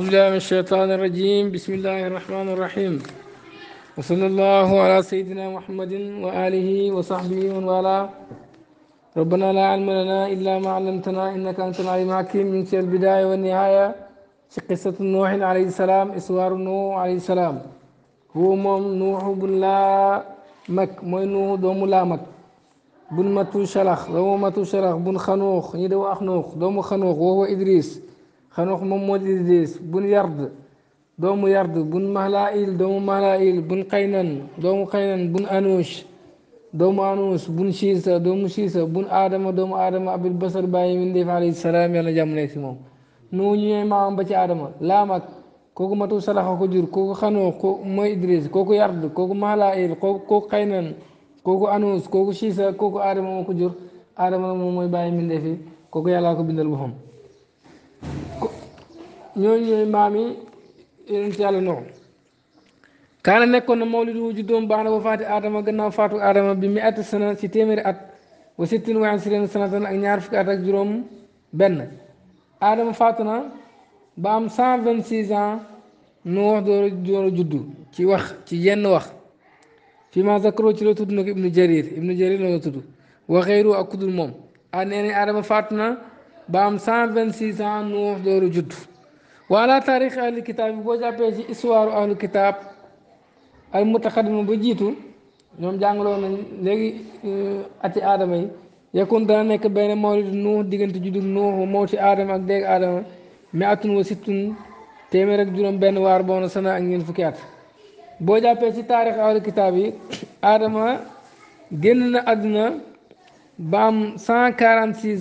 بسم الله من الشيطان الرجيم بسم الله الرحمن الرحيم وصلى الله على سيدنا محمد وآله وصحبه ومن والاه ربنا لا علم لنا إلا ما علمتنا إنك أنت العليم الحكيم من شر البداية والنهاية في قصة نوح عليه السلام إسوار نوح عليه السلام هو موم نوح بن لا مك موي نوح دوم لا مك بن متو شلخ دوم متو شلخ بن خنوخ ني أخنوخ دوم خنوخ وهو إدريس xanux moom moo di Idris bun yard doomu yard bun Mahlaïl doomu Mahlaïl bun Qaynan doomu Qaynan bun Anush doomu Anush bun Shiisa doomu Shiisa bun Adama doomu Adama abil basar bàyyi min def alayhi salaam yàlla jàmm nekk si moom nu ñu ñëwee maamam ba ci Adama laam ak kooku matu salaxa ko jur kooku xanux ko mooy Idris kooku yard kooku Mahlaïl kooku Qaynan kooku Anush kooku Shiisa kooku Adama moo ko jur Adama moom mooy bàyyi min def yi kooku yàllaa ko bindal boppam ñooñu ñooy maam yi yonent yàlla Nuux kaana nekkoon na mawlidu wu juddoom baax na wafaati aadama gannaaw faatu aadama bi mi ati sana si téeméeri at wa sittin wa isriina sanatan ak ñaar fukki at ak juróom benn aadama faatu na ba am cent vingt six ans Nuux door door juddu ci wax ci yenn wax fi ma zakaroo ci la tudd na ko ibnu jarir ibnu jarir la tudd wa xeyru ak kudul moom ah nee nañ aadama faatu na ba am cent vingt six ans Nuux dooru judd wala taarix ahlu kitaab boo jàppee ci histoire ahlu kitaab al mutaxaddima ba jiitu ñoom jàngaloo nañ léegi euh, ati adama yi yakun dana nekk benn mawlid nuux diggante juddug nuux moo ci aadama ak dégg aadama mais atun wa sittun téeméer ak juróom benn waar boona sana ak ñeent fukki at boo jàppee ci taarix ahlu kitaab yi aadama génn na àdduna ba am cent quarante six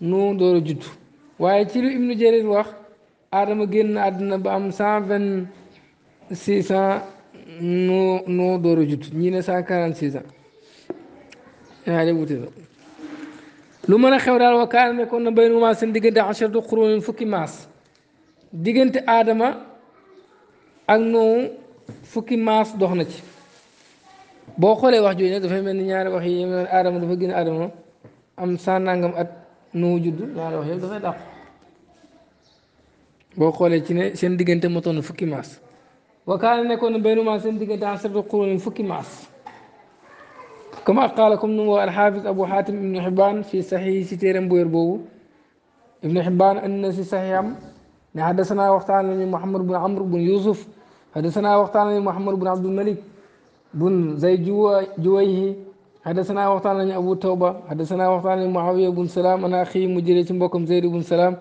nuux door a waaye ci lu ibnu jarir wax Adama génn àdduna ba am cent vingt six ans noo door a jut ñii ne cent quarante six ans yaa de wute la lu mën a xew daal wa kaana nekkoon na bay numaa seen fukki maas diggante Adama ak noowu fukki maas dox na ci boo xoolee wax jooju nag dafay mel ni ñaari wax yi Adama dafa génn Adama am cent nangam at noo judd ñaari wax yëpp dafay dàqu. وقال خولي تي ني سين وكان نيكون بينما سين ديغنت عشر قرون فوكي ماس كما قالكم نو الحافظ ابو حاتم ابن حبان في صحيح سيرم بوير بو ابن حبان ان في صحيحم حدثنا وقتان محمد بن عمرو بن يوسف حدثنا وقتان محمد بن عبد الملك بن زيد جو جويه حدثنا وقتان ابو توبه حدثنا وقتان معاويه بن سلام انا اخي مجري مبوكم زيد بن سلام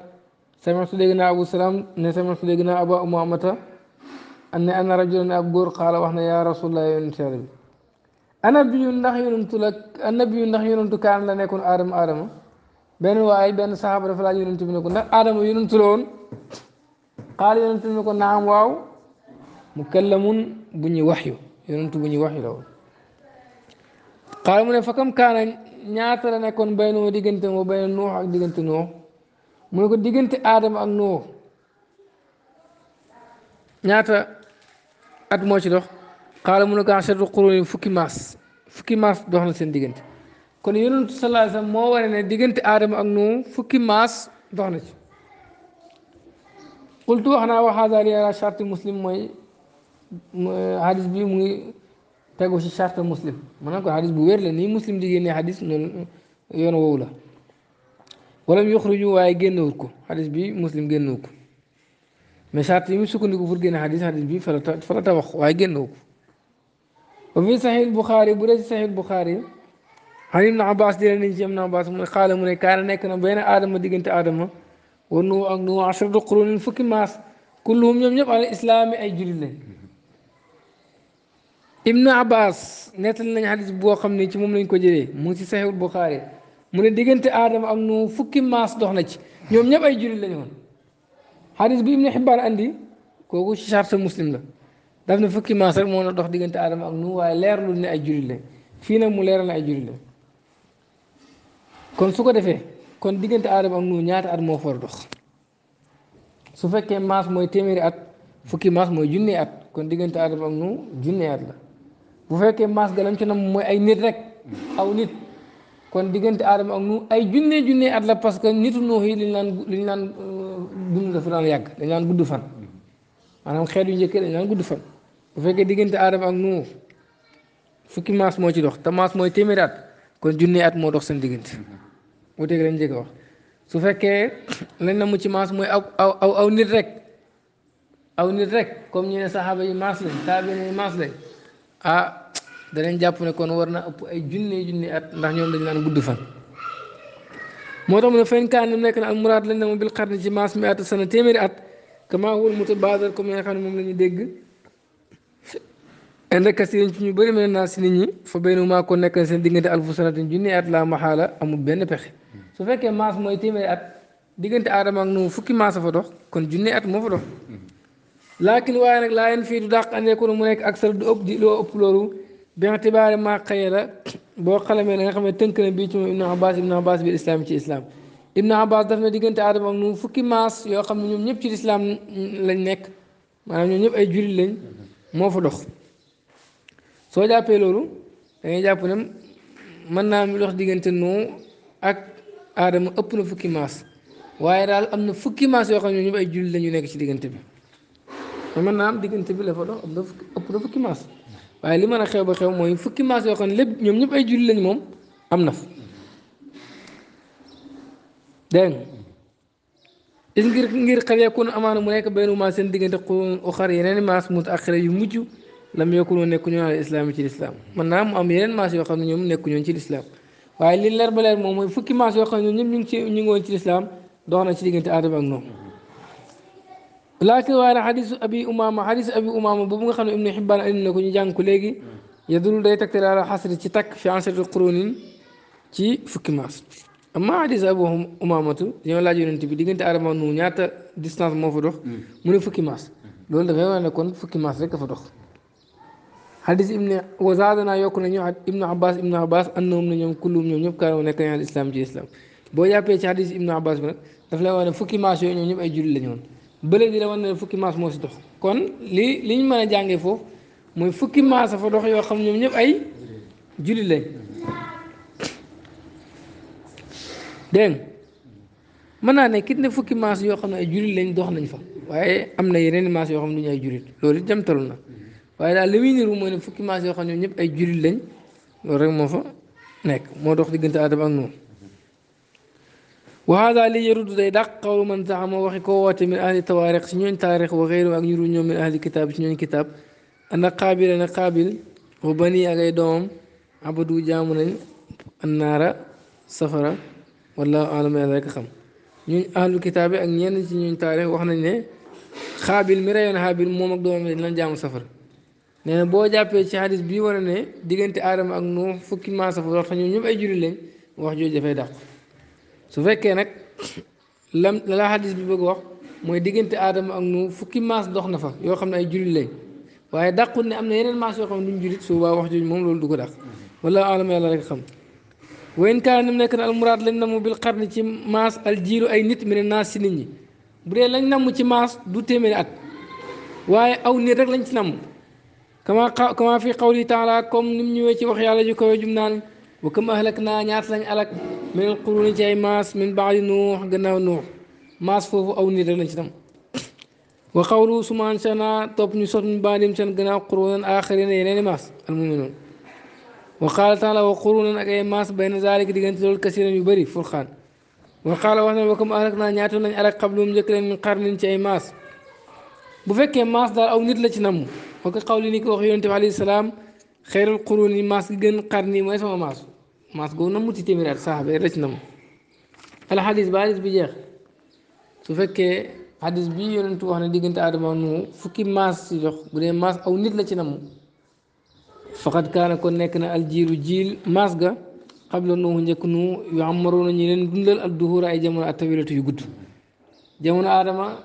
sami'tu dégg naa abu salaam ne sami'tu dégg naa abu umaamata ne ana rajulan ne ab góor xaala wax ne yaa rasulallah yonent yàlla bi annabiyu ndax yonentu la annabiyu ndax yonentu kaan la nekkoon aadama aadama benn ay benn saxaaba dafa laaj yonentu bi ne ko ndax aadama yonentu la woon xaala yonentu bi ne ko naam waaw mukallamun bu ñuy waxyu yonentu bu ñuy waxyu la woon xaala mu ne fa kam kaana ñaata la nekkoon bayna diggante moo bayna nuux ak diggante mu ne ko diggante aadama ak noo ñaata at moo ci dox xaala mu ne ko asharatu qurunin fukki maas fukki maas dox na seen diggante kon yonentu sallallahu alayhi wasallam moo wane ne diggante aadama ak noo fukki maas dox na ci qultu wax naa waxaagaari ala charte muslim mooy hadis bi mu ngi tegu ci charte muslim maanaam ko hadis bu wér la nii muslim di génnee hadis noonu yoon woowu la wala mu yuxruju waaye génnewut ko xadis bi muslim génnewut ko mais charte yi mu sukkandiku pour génne xadis xadis bi fa la fa la tabax waaye génnewu ko wa fi saxiil buxaari bu dee ci saxiil buxaari xan ibn abbas jëlee nañ ci ibn abbas ne xaala ne kaana nekk na benn aadama diggante aadama war nu ak nu asratu qurunin fukki maas kulluhum ñoom ñëpp al islaami ay jullit lañ ibn abbas nettal nañ xadis boo xam ne ci moom lañ ko jëlee mu ngi ci mu ne diggante aadama ak nu fukki maas dox na ci ñoom ñëpp ay jullit lañu woon xadis bi ibnu xibbaan andi kooku ci charte muslim la daf ne fukki maas rek moo na dox diggante aadama ak nu waaye leerlu ne ay jullit lañ fii nag mu leeral ne ay jullit lañ kon su ko defee kon diggante aadama ak nu ñaata at moo for dox su fekkee maas mooy téeméeri at fukki maas mooy junni at kon diggante aadama ak nu junni at la bu fekkee maas galam ci nam mooy ay nit rek aw nit kon diggante aadama ak nu ay junne junne at la parce que nitu nuux yi liñ naan liñ naan la euh, dafa daan yàgg dañ naan gudd fan maanaam xeet njëkk dañ naan gudd fan bu fekkee diggante aadama ak nu fukki maas moo ci dox te maas mooy téeméeri at kon junne at moo dox seen diggante wuteeg lañ njëkk wax su fekkee lañ na mu ci maas mooy aw aw aw nit rek aw nit rek comme ñu ne saxaaba yi maas lañ taabine yi maas lañ ah, danañ jàpp ne kon war na ëpp ay junne junne at ndax ñoom dañu naan gudd fan moo tax mu ne fen kaan nekk na al muraad lañ ne bil xarni ci maas mi at sana téeméeri moom la ñu dégg inda kasirin ci ñu bëri mel naa si nit ñi fa benn maa ko nekk seen diggante alfu sanatin junne at la maxaala amul benn pexe su fekkee maas mooy téeméeri at diggante aadama ak nu fukki maas fa dox kon junne at moo fa dox laakin waaye nag laa yéen fii du dàq andee ko mu nekk ak sara du ëpp loolu باعتبار ما قيل بو خلام نا خا مي تنك بي تي ابن عباس ابن عباس بالاسلام تي اسلام ابن عباس دافنا ديغنت ادم اك نو فكي ماس يو خا مي نيوم نيب تي الاسلام لا نيك مانام نيوم نيب اي جولي لا مو فا دوخ سو جابي لولو دا ني جاب نم من نام لوخ ديغنت نو اك ادم اوب نو فكي ماس واي دال امنا فكي ماس يو خا مي نيوم اي جولي لا نيو نيك تي ديغنت بي من نام ديغنت بي لا فا دوخ اوب نو فكي ماس waaye li mën a xew ba xew mooy fukki maas yoo xam ne lépp ñoom ñëpp ay julli lañ moom am na fa dégg nga ngir ngir xar yakun amaana mu nekk benn maas seen diggante xurun uxar yeneen maas mu axira yu mujj lam yakunu nekku ñoon al islaam ci lislaam man naa mu am yeneen maas yoo xam ne ñoom nekku ñoon ci lislaam waaye li leer ba leer moom mooy fukki maas yoo xam ne ñoom ñëpp ñu ngi ci ñu ngi woon ci lislaam dox na ci diggante aadama ak noonu لكن وانا حديث ابي امام حديث ابي امام بوم خن ابن حبان ان نكو جان كوليغي يدل داي تك على حصر تي تك في عشر القرون تي فك ماس اما حديث ابو امامة يوم لا جون تي ديغنت ارما نو نياتا ديستانس مو فدوخ من فك ماس لول دا فيما نكون فك ماس رك فدوخ حديث ابن وزادنا يوكنا نيو ابن عباس ابن عباس انهم نيو كلهم نيو نيب كانوا نك يعني الاسلام جي الاسلام بو جابي حديث ابن عباس دا فلا وانا فك ماس نيو نيب اي جولي لا نيو bële di la wan ne fukki maas moo si dox kon li li ñu mën a jàngee foofu mooy fukki maas a fa dox yoo xam ñoom ñëpp ay jullit lañ dégg mën naa ne kit ne fukki maas yoo xam ne ay jullit lañ dox nañ fa waaye am na yeneen maas yoo xam ne du ñu ay jullit loolu it jamtalu na waaye daal li muy niru mooy ne fukki maas yoo xam ne ñoom ñëpp ay jullit lañ loolu rek moo fa nekk moo dox diggante Aadama ak noonu وهذا اللي يرد ذلك قول من زعم وحي قوة من أهل التواريخ شنين تاريخ وغيره أجر من أهل الكتاب شنين كتاب أنا قابل أنا قابل وبني أغي دوم عبدو جامن النار سفر والله أعلم يا ذلك خم نين أهل الكتاب أجنين شنين تاريخ وحنا نين خابل مرا ين خابل مو مقدوم لن جام سفر نين بو جابي شي حديث بي ورا ني ديغنتي ارم اك نو فكي ما سفر وخنا نيو اجري لين واخ جوجي فاي su fekkee nag lam la xadis bi bëgg wax mooy diggante aadama ak nu fukki maas dox na fa yoo xam ne ay jullit lañ waaye dàqul ne am na yeneen maas yoo xam ne duñ jullit su boobaa wax jooju moom loolu du ko dàq wala alama yàlla rek xam wayn kaa nam nekk na almuraad lañ namu bil xarni ci maas aljiilu ay nit mi ne naas si nit ñi bu dee lañ namm ci maas du téeméeri at waaye aw nit rek lañ ci namm kama kama fi qawli taala comme ni mu ñëwee ci wax yàlla ju kawe jum naan وكما هلكنا نيات لن ألك من القرون جاي ماس من بعد نوح جناو نوح ماس فوف أو نيرنا جدام وقولوا سمان شنا توب نيسر من بعد مشان جناو قرون آخرين يلين ماس المؤمنون وقال تعالى وقرون أكاي ماس بين ذلك دقان تزول كثيرا يبري فرخان وقال وحنا وكم أهلكنا نيات لن ألك قبل مجكرا من قرن جاي ماس bu fekkee maas daal aw nit la ci namm ko ko xawli ni ko wax yonte bi alayhi salaam xeyral quruni mas googu nag mu ci téeméeri at saxaaba rëcc na ma ala xadis ba xadis bi jeex su fekkee xadis bi yonentu wax ne diggante aadama fukki maas si jox aw nit la ci namu faqat kaana nekk na aljiiru jiil maas ga xabla nuuhu njëkk nu yu amaroon ñu leen dundal ak duhur jamono atawilatu yu gudd aadama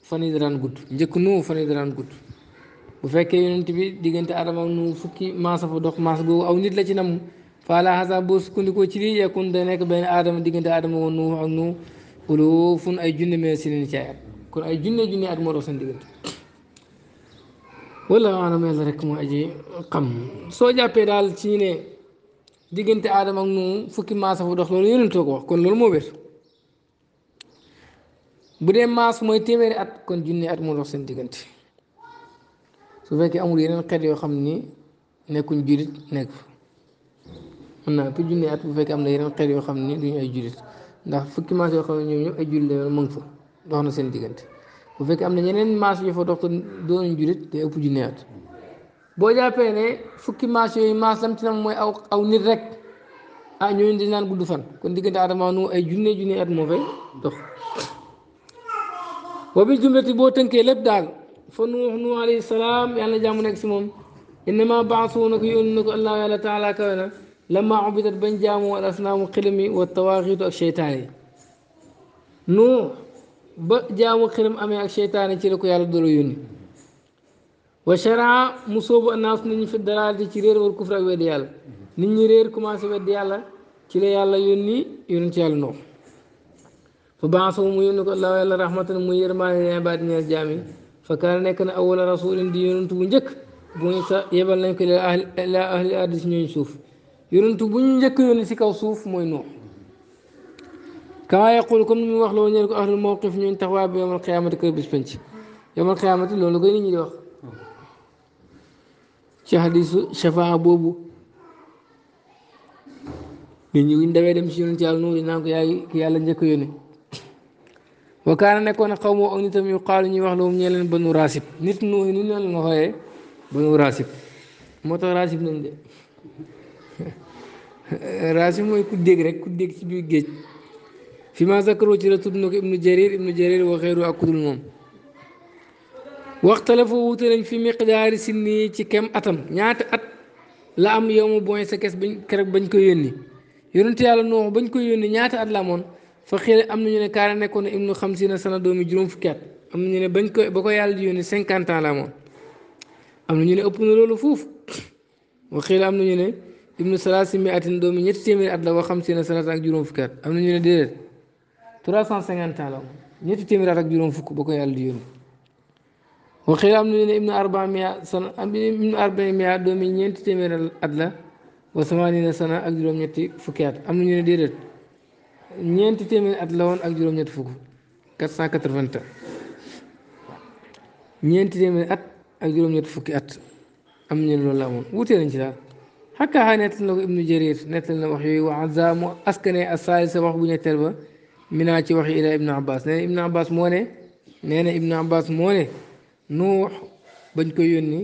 fan yi daraan gudd njëkk nu fan yi daraan gudd bu fekkee yonent bi diggante aadama nu fukki maas fa dox maas googu aw nit la ci namu faala boo sukkandikoo ci lii yakun da nekk benn aadama diggante aadama woon nuux ak nuux ulufun ay junne mee ay junne junne at moo dox seen diggante wala soo jàppee daal ci ne diggante aadama ak fukki maasa dox loolu yonentoo kon loolu moo wér bu dee maas mooy at kon junne at moo seen diggante su fekkee amul yeneen xeet yoo xam ni nekkuñ jurit nekk mën naa fi junne at bu fekkee am na yeneen xeet yoo xam ne duñu ay jullit ndax fukki maas yoo xam ne ñoom ñëpp ay jullit la bu fekkee am na ñeneen maas yu fa dox te doonuñ ëpp junne at boo jàppee ne fukki maas yooyu maas lam ci mooy aw aw nit rek ah ñooñu dañ naan gudd fan kon diggante Adama nu ay junne junne at moo fay dox boobu jumlati boo tënkee lépp daal fa nuux nuux alayhi salaam yàlla jàmm allah yàlla taala لما عبد البنجام والأصنام قلمي والطواغيت الشيطاني نو بجام قلم أمي الشيطاني تلك يا الدلويوني وشرع مصوب الناس نين في الدلال تشرير والكفر وديال نين يرير كما سوى سبد يالا يا الله يوني يوني يالا نوح فبعثهم يونك الله يلا رحمة مير ما بعد نير جامي فكان نكن أول رسول دين تونجك بنجك بونسا يبل نكل أهل أهل الأرض نيون شوف yonentu bu ñu njëkk yónni si kaw suuf mooy Nuux kama yaqul comme ni mu wax loo ñeen ko ahlul mawqif ñooñ bis penc yomal xiyaamati loolu koy nit ñi di wax boobu nit ñi ñu dawee dem si yonent yàlla Nuux dinaa ko yaay ki yàlla njëkk yónni wa kaana nekkoon xaw moo ak nitam yu xaalu ñuy wax loolu ñee leen banu raasib nit Nuux ni ñu leen nga xooyee banu raasib moo tax raasib nañ de raasi mooy ku dégg rek ku ci biir géej fi ma zakaroo ci la tudd na ko ibnu jarir ibnu jarir wa xeeru ak kudul moom waxtale foo wuute nañ fi miqdaari sinni ci kem atam ñaata at la am yow ma booy sa kes bañ keroog bañ ko yónni yonent yàlla noox bañ ko yónni ñaata at la amoon fa xëy am na ñu ne kaara nekkoon na ibnu xamsina sana doomi juróom fukki at am na ñu ne bañ ko ba ko yàlla di yónni cinquante ans la amoon am na ñu ne ëpp na loolu foofu wa ne ابن سلاسي مئة دومي نيتي من أدلا وخمسين سنة تاك جيرون فكات أمن نيني ديرت تراسا سنغان تالو نيتي تيمير أدلا جيرون فكو بكو يال ديرون وخير أمن نيني ابن أربع مئة سنة ابن أربع مئة دومي نيتي تيمير أدلا وثمانين سنة أك جيرون نيتي فكات أمن نيني ديرت نيتي تيمير أدلا وان أك جيرون نيت فكو كتسا كتر فنتا نيتي تيمير أك جيرون نيت فكات أمن نيني لولا وان وطير انجلال هكا عنت له ابن جرير نت له وحي وعزام أسكن أسالس وحي نتربة من أتي وحي إلى ابن عباس نين ابن عباس مونه نين ابن عباس مونه نوح بنكو يوني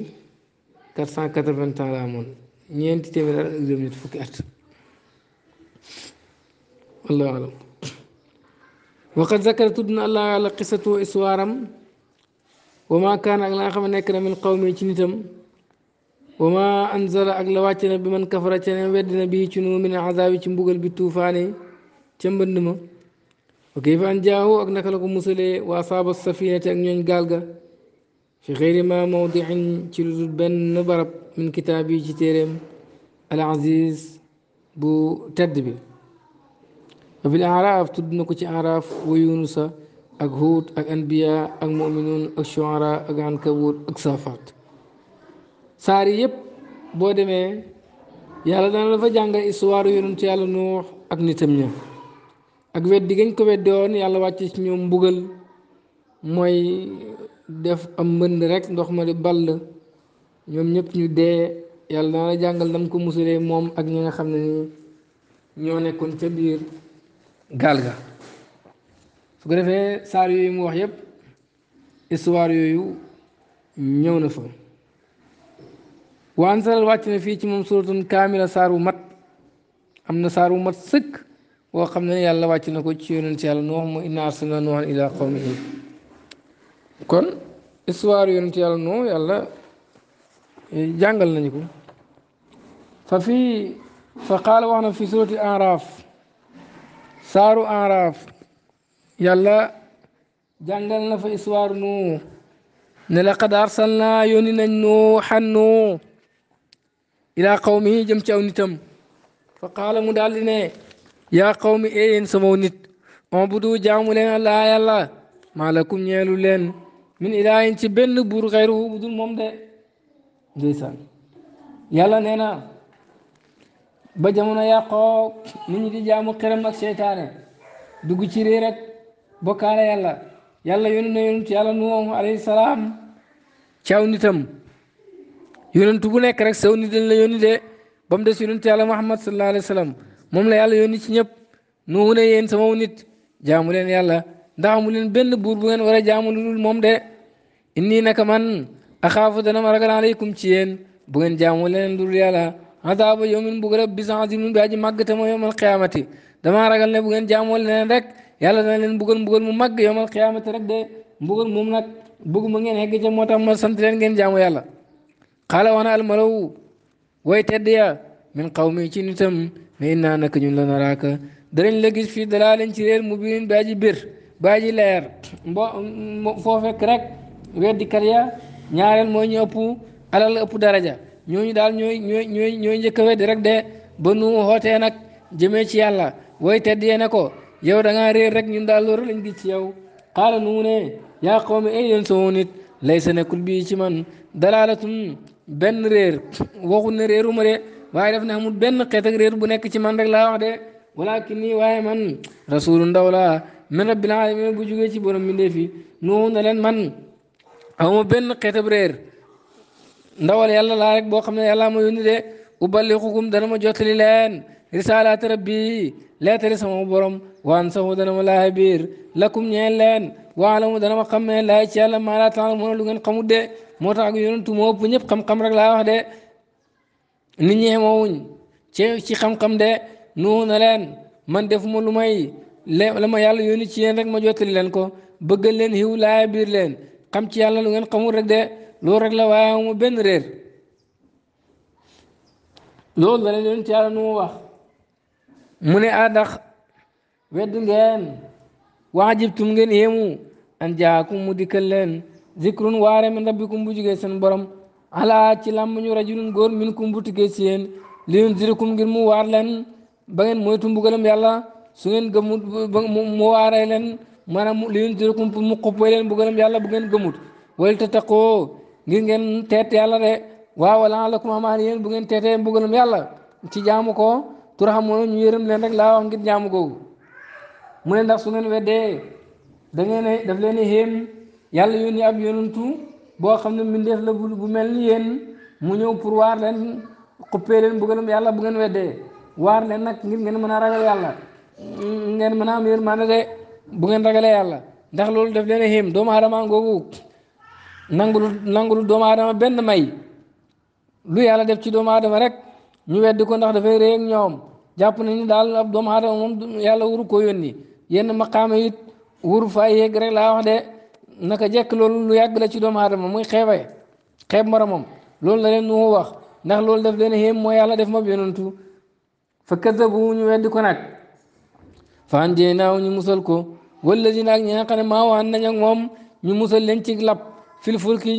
480 تان لامون نينتي تيمير زمن فكات الله أعلم وقد ذكرت ابن الله على قصة إسوارم وما كان أغلى خمنا من قومي تنتم وما أنزل أغلواتنا بمن كفرتنا ودنا به تنو من عذاب تنبغل بالتوفاني تنبنما وكيف أنجاه أغنك لكم مسلي وأصاب السفينة أغنين غالغا في غير ما موضع تلوز بن نبرب من كتابي جيتيرم العزيز بو تدبي وفي الأعراف تدنك أعراف ويونس أغهود أغنبياء أغمؤمنون أغشعراء أغنكبور أغصافات أغنبياء saar yëpp boo demee yàlla dana la fa jàngal histoire ci yàlla nu wax ak nitam ña ak weddi gañ ko weddi woon yàlla wàcc ci ñoom mbugal mooy def am mbënd rek ndox ma di ball ñoom ñëpp ñu dee yàlla dana la jàngal nam ko musalee moom ak ñi nga xam ne nii ñoo nekkoon ca biir gaal ga su ko defee saar yooyu mu wax yépp histoire yooyu ñëw na fa وانزل واتنا في تمام سورة كاملة سارو مات امنا سارو مات سك وقمنا يا الله واتنا كوتشيون انت يالا نوح مو إنا أرسلنا نوح إلى قومه كون اسوار يونت يالا نوح يالا جانجل نجيكو ففي فقال وانا في سورة أعراف سارو أعراف يالا جانجل في اسوار نوح نلقد أرسلنا يوني نوحا نوح ilaa qawmihi jëm ci aw nitam fa qaala mu daal di ne yaa qawmi ee yéen nit on bu du jaamu leen allah yàlla maa ñeelu leen min ilaahin ci benn buur xayruhu bu dul moom de ndeysaan yàlla nee na ba jamono yàqoo nit ñi di jaamu xerem ak seytaane dugg ci réer ak bokkaale yàlla yàlla yónni na yónni yàlla nuuhu ci aw nitam yonent bu nekk rek saw nit la yónni de ba mu des yonent yàlla Muhammad sallallahu alayhi wa moom la yàlla yónni ci ñëpp nu ne yéen sama nit jaamu leen yàlla ndax amu leen benn buur bu ngeen war a jaamu lu dul moom de inni naka man a axaafu dana ma ragal aleykum ci yéen bu ngeen jaamu leen lu dul yàlla adaaba bu garab bis aziim bi aji màgg te mooy yawmal qiyaamati damaa ne bu ngeen jaamoo leen rek yàlla dana leen mbugal mbugal mu màgg yawmal qiyaamati rek de mbugal moom nag bëgguma ngeen egg ca moo tax ma sant leen ngeen jaamu yàlla xaala wax na almalawu way tedd ya min qawmi ci nitam ne innaa naka ñun la naraaka danañ la gis fii dalaa leen ci réer mu biin baa ji bir baa leer mbo fekk rek weddikat ya ñaareel mooy ñu ëpp alal ëpp daraja ñu daal ñooy ñooy weddi rek de ba nu xootee nag jëmee ci yàlla way tedd yee ne ko yow da rek ñun daal loolu lañ gis ci yow xaala nu ne yaa ay yéen sama nit laysa nekkul bii ci man benn réer waxut ne réeruma de waaye daf ne amul benn xeet ak bu nekk ci man rek laa wax de walakin nii waaye man rasulu ndaw laa min rabbil alamin bu jugee ci borom mbindeef yi nuuxu man amuma benn xeet ab ndawal yàlla laa rek boo xam ne yàlla ma yónni de uballixukum dana ma jottali leen risaalaati rabbi leetari sama borom waan saxu dana ma laay biir lakum leen waalamu dana ma xam ne laay ci yàlla maa laa taalamuuna lu moo tax ak yonentu moo ëpp ñëpp xam-xam rek la wax de nit ñi xamawuñ ci ci xam-xam de nuhu na leen man defuma lu may la ma yàlla yónni ci yéen rek ma jottali leen ko bëggal leen xiw laaya biir leen xam ci yàlla lu ngeen xamul rek de loolu rek la waaye amuma benn réer loolu la leen yónni ci yàlla nu wax mu ne àddax ah, wedd ngeen wax jibtum ngeen yéemu an jaakum mu dikkal leen zikrun waare min rabbikum bu jugee seen borom ala ci làmm ñu rajulun góor min kum bu tukkee ci yéen li nun zirikum ngir mu waar leen ba ngeen moytu mbugalam yàlla su ngeen gëmut mu waaree leen maanaam li nun zirikum pour mu xuppee leen mbugalam yàlla bu ngeen gëmut wal te taqoo ngir ngeen teet yàlla de waaw wala lakum amaan yéen bu ngeen teetee mbugalam yàlla ci jaamu ko turhamoon ñu yërëm leen rek laa wax ngir jaamu googu mu ne ndax su ngeen weddee da daf leen yàlla yónni ab yonantu boo xam ne mbindeef la bu bu mel ni yéen mu ñëw pour waar leen xuppee leen bëggalam yàlla bu ngeen weddee waar leen nag ngir ngeen mën a ragal yàlla ngeen mën a am yërmande de bu ngeen ragalee yàlla ndax loolu daf leen a xéem doomu aadama ngoogu nangulu nangulu doomu aadama benn may lu yàlla def ci doomu aadama rek ñu weddi ko ndax dafay réy ak ñoom jàpp nañu daal ab doomu aadama moom yàlla wuru ko yónni yenn maqaama it wuru fa yéeg rek laa wax de naka jekk loolu lu yàgg la ci doomu aadama muy xeebay xeeb moom loolu la leen nu wax ndax loolu daf leen xéem mooy yàlla def ma yonantu fa kadabu ñu weddi ko nag fan jee naaw ñu musal ko wa ji naag ñi nga xam ne maa waan nañ ak moom ñu musal leen ci lab fil fulki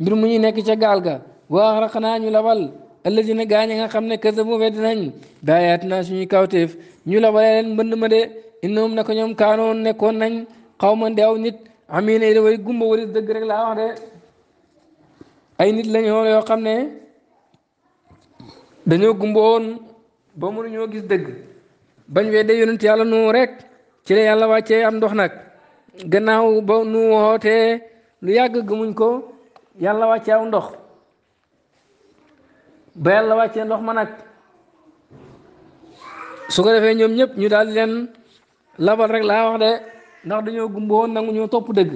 mbir mu ñu nekk ca gaal ga waa raxanaa ñu labal allazina gaa ñi nga xam ne kër bu wedd nañ daayaat naa suñuy ñu la walee ma de innahum na ko ñoom kaanoon nekkoon nañ xaw ma ndeew nit ami ne way gumba wari dëgg rek laa wax de ay nit lañu woon yoo xam ne dañoo gumba woon ba mënuñoo gis dëgg bañ wee de yonent yàlla nu rek ci la yàlla wàccee am ndox nag gannaaw ba nu wootee lu yàgg gëmuñ ko yàlla wàccee aw ndox ba yàlla wàccee ndox ma nag su ko defee ñoom ñëpp ñu daal leen labal rek laa wax de ndax dañoo gumboon nangu ñoo topp dëgg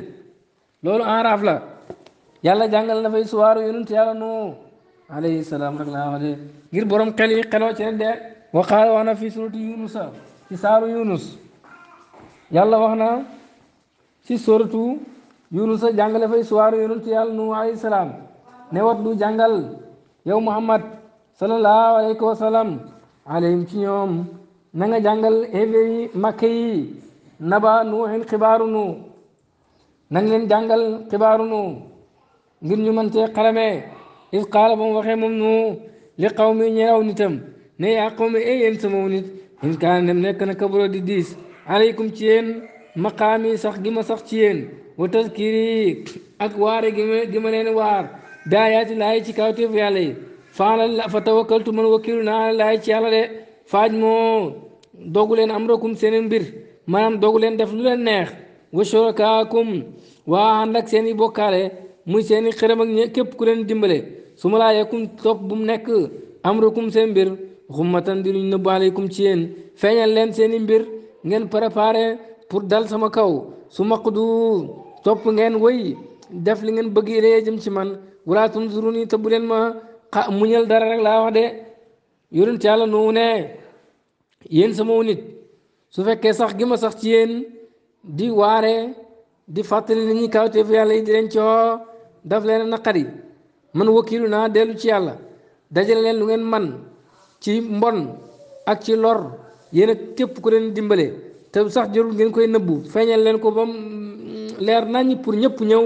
loolu enraaf la yàlla jàngal na fay suwaaru yonent yàlla noo alayhi salaam rek laa ngir borom xel yi xeloo ci rek wax na fii surati yunusa ci saaru yunus yàlla wax na ci suratu yunusa jàngale fay suwaaru yonent yàlla noo alayhi salaam ne wat du jàngal yow muhammad sallallahu alayhi wa sallam alayhim ci ñoom na jàngal éve yi naba nuuxin xibaaru nuu nañ leen jàngal xibaaru nuu ngir ñu mën cee xaramee waxee moom nuu li xaw mi ñeew nitam ne yaa xaw mi ay sama nit in kaan dem nekk na kaburo di diis aleykum ci yéen maqaami sax gi ma sax ci yéen wa taskiri ak waare gi ma gi ma leen waar daayaati laay ci kawteefu yàlla yi faala fa tawakkaltu man wakkilu naa laay ci yàlla de faaj moo dogu leen am rakum seen mbir maanaam dogu leen def lu leen neex wa shurakaakum waa ànd ak seen i bokkaale muy seeni i xërëm ak képp ku leen dimbale su ma laa yekum topp bu mu nekk amrukum seen mbir xummatan di luñ nëbbu aleykum ci yeen feeñal leen seeni mbir ngeen préparé pour dal sama kaw su du topp ngeen woy def li ngeen bëgg ilay jëm ci man wala tunzuruni te bu leen ma muñal dara rek laa wax de yonent yàlla nuu ne yéen sama nit su fekkee sax gi ma sax ci yéen di waare di fàttali ni ñuy kawteefu yàlla yi di leen ci woo daf leen naqari man wakiilu naa dellu ci yàlla dajale leen lu ngeen man ci mbon ak ci lor yéen ak képp ku leen dimbale te sax jarul ngeen koy nëbbu feeñal leen ko ba leer naññi pour ñëpp ñëw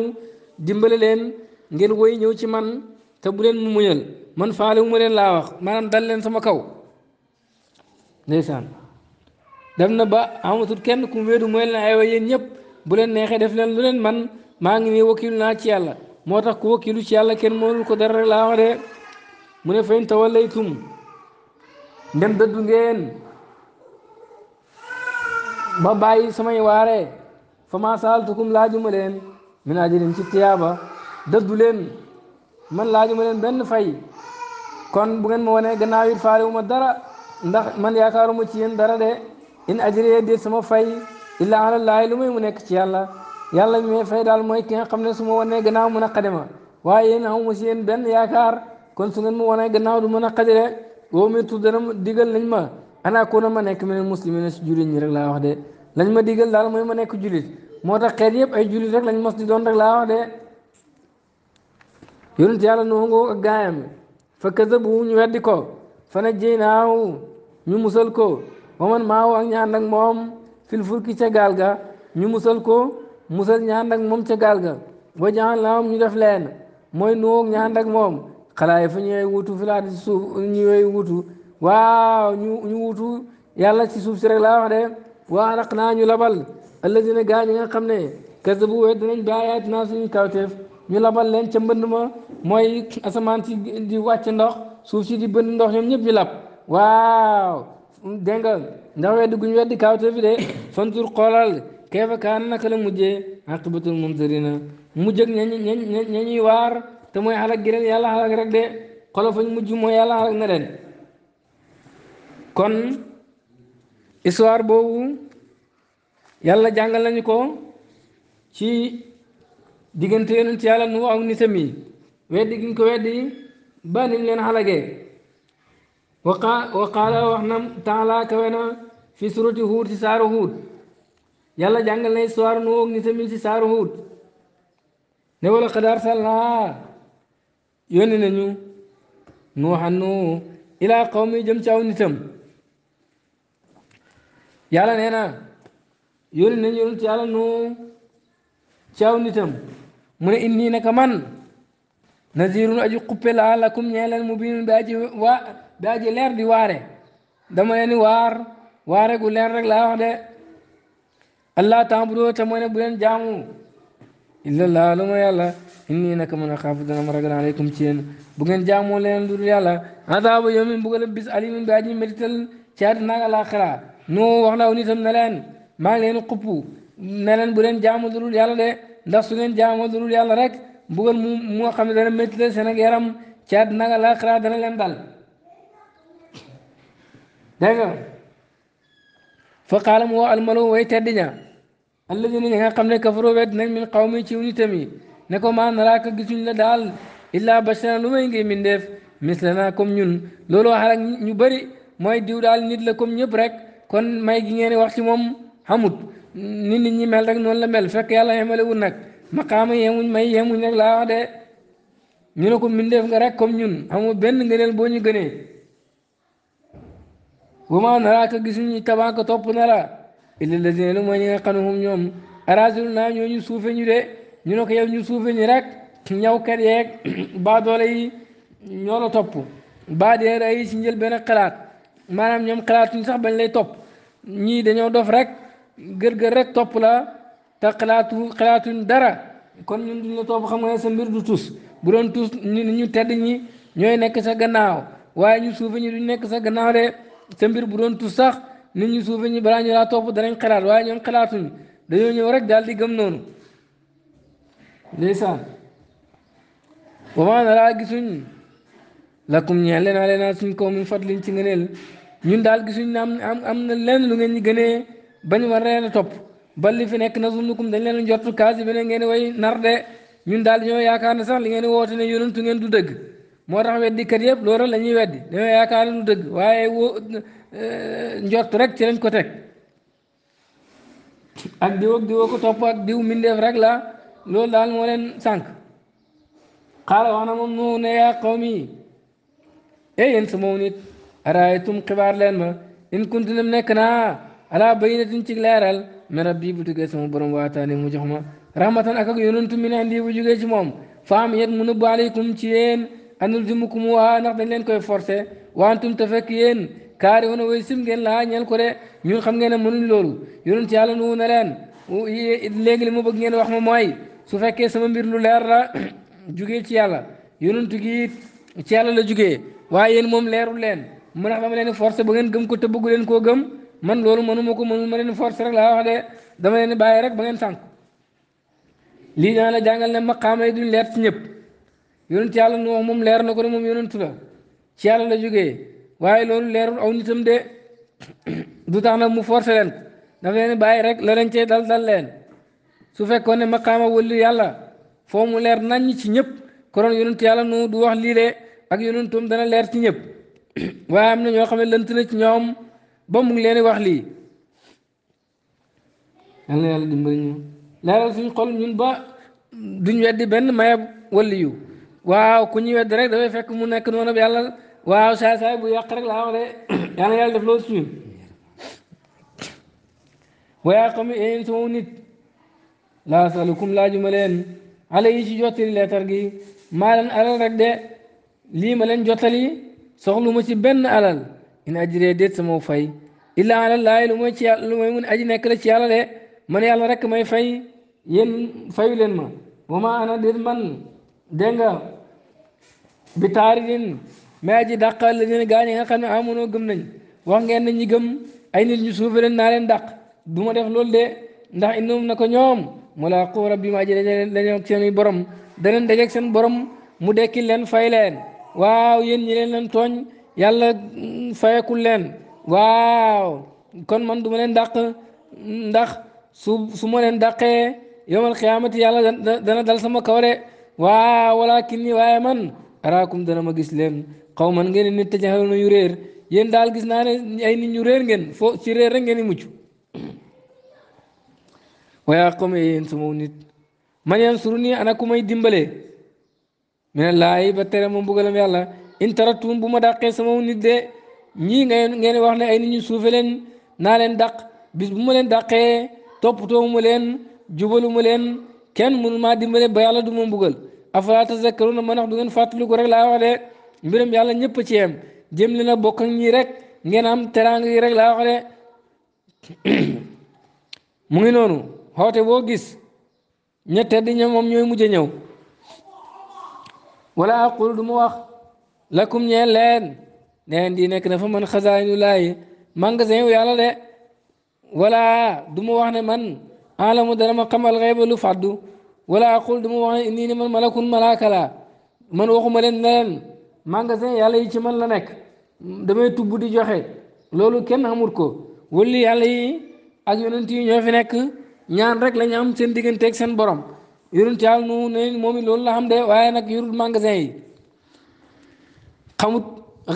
dimbale leen ngeen woy ñëw ci man te bu leen mu muñal man faale mu ma leen laa wax maanaam dal leen sama kaw def na ba amatul kenn ku mu wéedu mooy leen aywa yéen ñëpp bu leen neexee def leen lu leen man maa ngi nii wakilu naa ci yàlla moo tax ku wakilu ci yàlla kenn mënul ko dara laa wax de mu ne fayn tawallaytum ndem dëddu ngeen ba bàyyi samay waare fa maa saaltukum laajuma leen min ajrin ci tiyaaba dëddu leen man laajuma leen benn fay kon bu ngeen ma wonee gannaaw it faale wu ma dara ndax man yaakaaruma ci yéen dara de in ajriya déet sama fay illa ala laahi lu muy mu nekk ci yàlla yàlla mi may fay daal mooy ki nga xam ne su ma wanee gannaaw mu naqadi ma waaye yéen xawma si yéen benn yaakaar kon su ngeen ma wanee gannaaw du ma naqadi de woo mi tudd dana digal nañ ma ana ko na ma nekk mel muslimin si jullit ñi rek laa wax de ma digal daal mooy ma nekk jullit moo tax xeet yëpp ay jullit rek lañ mos di doon rek laa wax de yonent yàlla noo ngoo ak gaayam fa kazabu ñu weddi ko fana jéynaaw ñu musal ko waman maawo ak ñaan ak moom fil furki ca gaal ga ñu musal ko musal ñaan moom ca gaal ga wa jaan ñu def leen mooy nuwoog ñaan moom xalaay fa ñooy wutu filaat ci suuf ñooy wutu waaw ñu ñu wutu yàlla ci suuf si rek laa wax de naa ñu labal alladina gaa ñi nga xam ne kasabu wet danañ baayaat naa suñu kawteef ñu labal leen ca mbënd ma mooy asamaan si wàcc ndox suuf si di bënd ndox ñoom ñëpp ñu lab waaw dégg nga ndax weddi guñ weddi kaawteef de fantur xoolal kayfa kaana naka la mujjee aqibatul munzirina mujj ak ña ña ñuy waar te mooy xalak gi yàlla xalak rek de xoolal fañ mujj mooy yàlla xalak na leen kon histoire boobu yàlla jàngal nañu ko ci diggante yonent yàlla nu ak nitam yi weddi giñ ko weddi ba niñ leen xalagee waqa waqaala wax na taala fi surati huut ci saaru huut yàlla jàngal na histoire nu woog ni tamit ci saaru huut ne wala xadaar salla yónni nañu nuuxan nu ilaa qawmi jëm ci aw nitam yàlla nee na yónni nañu yónni nu ci aw nitam mu ne inni naka man nazirun aji xuppe laa lakum ñee leen mu binun bi aji waa daa ji leer di waare dama leen waar waare gu leer rek laa wax de allah taabudoo te mooy ne bu leen jaamu illallah lu ma yàlla inni naka mën a xaafu dana ma ragal aleykum ci yéen bu ngeen jaamoo leen dul yàlla adaaba yawmin mbugal bis alimin bi aji médital ci àddina ak àllaaxira noo wax na nitam ne leen maa ngi leen xupp ne leen bu leen jaamu dul yàlla de ndax su ngeen jaamoo dul yàlla rek mbugal mu mu nga xam ne dana médital seen ak yaram ci àddina ak àllaaxira leen dal dégg nga fa xaala mu woo almaloo way tedd ña alladina ñi nga xam ne kafaroo wedd nañ min xaw mi ci nitam yi ne ko maa naraaka gisuñ la daal illaa basharan lu may ngi mindeef mislana comme ñun loolu xarak ñu bari mooy diw daal nit la comme ñëpp rek kon may gi ngeen wax ci moom xamut nit ñi mel rek noonu la mel fekk yàlla yemalewul nag maqaama yemuñ may yemuñ rek laa wax de ñu ne ko mindeef nga rek comme ñun xamoo benn ngëneel boo ñu gënee wama naraaka gisuñu tabaaka topp na la illa lazina lu mooy ñi nga xam ne moom ñoom arasulu naa ñoo ñu suufe ñu de ñu ne ko yow ñu suufe ñu rek ñawkat doole yi ñoo la topp baa dee si njël benn xalaat maanaam ñoom xalaatuñ sax bañ lay topp ñii dañoo dof rek gër-gër rek te xalaatu xalaatuñ dara kon ñun duñ la topp xam nga sa mbir du bu doon tus ñu ñu tedd ñi ñooy nekk sa gannaaw waaye ñu suufe ñu duñ nekk sa gannaaw de sa mbir bu doon tus sax nit ñu suufe ñi balaa ñu topp danañ xalaat waaye ñoom xalaatuñu dañoo ñëw rek daal di gëm noonu ndeysaan wamaa naraa gisuñ lakum ñeen lenaa lenaa suñ kaw min fadliñ ci ngëneel ñun daal gisuñ ne am am na lenn lu ngeen ñu gënee bañ war leen a topp balli fi nekk na sunnukum dañ leen njortu kaas yi beneen ngeen way nar de ñun daal ñoo yaakaar na sax li ngeen woote ne yonantu ngeen du dëgg moo tax weddi kat yëpp loolu la ñuy weddi dañoo yaakaar lu dëgg waaye woo eh, njort rek ci lañ ko teg ak diw ak diwoo ko topp ak diw mbindeef rek la loolu daal moo leen sànq xaala wax na moom nu ne yaa qawmi e yéen sama nit araaytum xibaar leen ma in kuntunam nekk naa ala bayinatin ci leeral mais rabbi bu tuggee sama borom waataani mu jox ma rahmatan ak ak yonantu min indi bu jugee ci moom faam yet mu nëbb aleykum ci yéen anulzimukumuhaa ndax dañ leen koy forcé wantum te fekk yéen kaari woon way sim ngeen laa ñeel ko de ñun xam ngeen ne mënuñ loolu ci yàlla nu ne leen léegi li ma bëgg ngeen wax ma mooy su fekkee sama mbir lu leer la jugee ci yàlla yonent gi ci yàlla la jugee waaye yéen moom leeru leen ma ndax dama leen forcé ba ngeen gëm ko te bëggu leen koo gëm man loolu mënuma ko mënul ma leen forcé rek laa wax de dama leen bàyyi rek ba ngeen sànq lii daan la jàngal ne ma yi duñ leer ñëpp yonent yàlla Nuux moom leer na ko ne moom yonent la ci yàlla la jógee waaye loolu leerul aw nitam de du tax nag mu forcé leen daf leen bàyyi rek la leen cee dal dal leen su fekkoon ne maqaama wëllu yàlla foo mu leer naññ ci ñëpp konoon yonent yàlla Nuux du wax lii de ak yonentam dana leer ci ñëpp waaye am na ñoo xam ne lënt na ci ñoom ba mu ngi leen wax lii yàlla yàlla dimbali xol ñun ba duñ weddi benn mayab wëllu yu واو كوني يود رك دوي فك مو نك نونا بيالا واو شاي شاي بو يقر لا ما دي انا يال دفلو سوي ويا قوم ان تو لا سالكم لا جملين علي شي جوتي لي ترغي مالن علن رك دي لي مالن جوتالي سوخلو ما سي بن علن ان اجري ديت سمو فاي الا على الله لو ما سي لو ما اجي نك لا سي يالا دي من يالا رك ماي فاي ين فاي لين ما وما انا دير من dégg nga bi taaridin mais ji dàqal la dina gaa ñi nga xam ne amonoo gëm nañ wax ngeen nañ ñi gëm ay nit ñu suufe leen naa leen dàq du ma def loolu de ndax innum na ko ñoom mulaaqu rabbi maa ji dañoo ak seen borom daneen dajeeg seen borom mu dekkil leen fay leen waaw yéen ñi leen leen tooñ yàlla mm, fayekul leen waaw kon man du ma leen dàq ndax su su ma leen dàqee yowmal xiyaamati yàlla dana dal sama kaw de waa walakin ni waaye man araakum dana ma gis leen xaw man ngeen nit tajahaloona yu réer yéen daal gis naa ne ay nit ñu réer ngeen foo ci réer rek ngeen i mucc waaye xawma yéen sama nit man yan suru nii ana ku may dimbalee mene laay ba tere moom mbugalam yàlla in taratun bu ma dàqee sama nit de ñii ngeen ngeen wax ne ay nit ñu suufe leen naa leen dàq bis bu ma leen dàqee toppatoo ma leen jubalu ma leen kenn mënu ma dimbale ba yàlla du ma mbugal afalaa tazakkaruuna ma ndax du ngeen fàttaliku rek laa wax de mbiram yàlla ñëpp ci yem jëm li na bokk ñii rek ngeen am teraanga yi rek laa wax de mu ngi noonu xoote boo gis ña di ña moom ñooy mujj a ñëw wala aqulu du ma wax lakum ñeen leen neen di nekk na fa man xasaayinu laayi magasin yu yàlla de wala du wax ne man alamu dana ma xam alxayba lu fàddu wala aqul duma wax ne nii ni man malakun malaaka laa man waxuma leen ne leen magasin yàlla yi ci man la nekk damay tubb di joxe loolu kenn xamul ko wali yàlla yi ak yonent yi ñoo fi nekk ñaan rek la ñu am seen digganteek seen borom yonent yàlla nu ne moom it loolu la xam de waaye nag yorul magasin yi xamut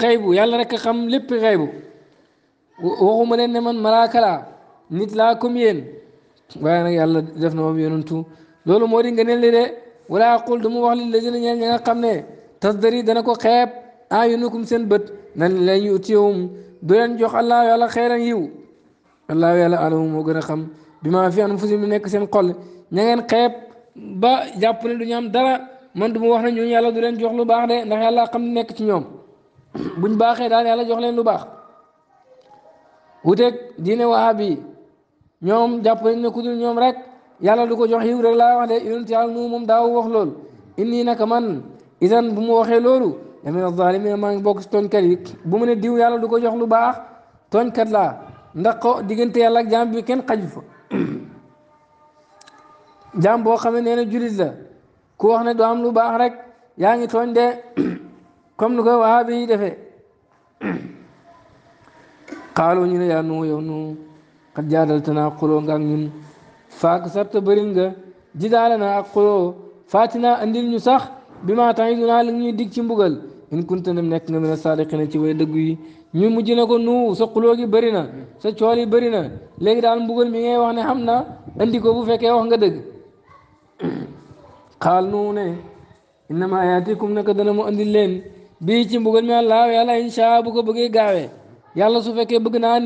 xaybu yàlla rek xam lépp xaybu waxuma leen ne man malaaka nit la comme yéen waaye nag yàlla def na moom yonantu loolu moo di ngëneel li de wala aqul du mu wax li lazina ñeen ña nga xam ne tasdari dana ko xeeb ayunukum seen bët nan lan yutiyum du leen jox allah yàlla xeeran yiw allah yàlla alamu moo gën a xam bi maa fi anfusim lu nekk seen xol ña ngeen xeeb ba jàpp ne du ñu am dara man du wax na ñooñu yàlla du leen jox lu baax de ndax yàlla xam nekk ci ñoom buñ baaxee daal yàlla jox leen lu baax wuteeg diine wahabi ñoom jàpp nañ ne ku ñoom rek yàlla du ko jox yiw rek laa wax de yonent yàlla nu moom daaw wax lool inni naka man idan bu mu waxee loolu lamin azalimin maa ngi bokk si bu mu diw yàlla du ko jox lu baax tooñkat laa ndax ko diggante yàlla ak jaam bi kenn xaju fa jaam boo xamee nee na julit la ku wax ne doo am lu baax rek yaa ngi tooñ de comme ni koy waxaa bi defee xaalu ñu ne yaa nu yow xat jaadal tanaa xuloo nga ak ñun faak sarta bërin nga jidaale na ak xuloo faatinaa andil ñu sax bi maa temps dunaa li ñuy dig ci mbugal in kunta mu nekk nga mina saadiqina ci way dëggu yi ñu mujj na ko nuu sa xuloo gi bëri na sa cool yi bëri na léegi daal mbugal mi ngay wax ne xam na andi bu fekkee wax nga dëgg xaal nuu ne innama yaatikum naka dana mu andil leen bii ci mbugal mi àllaaw yàlla insha bu ko bëggee gaawee yàlla su fekkee bëgg naa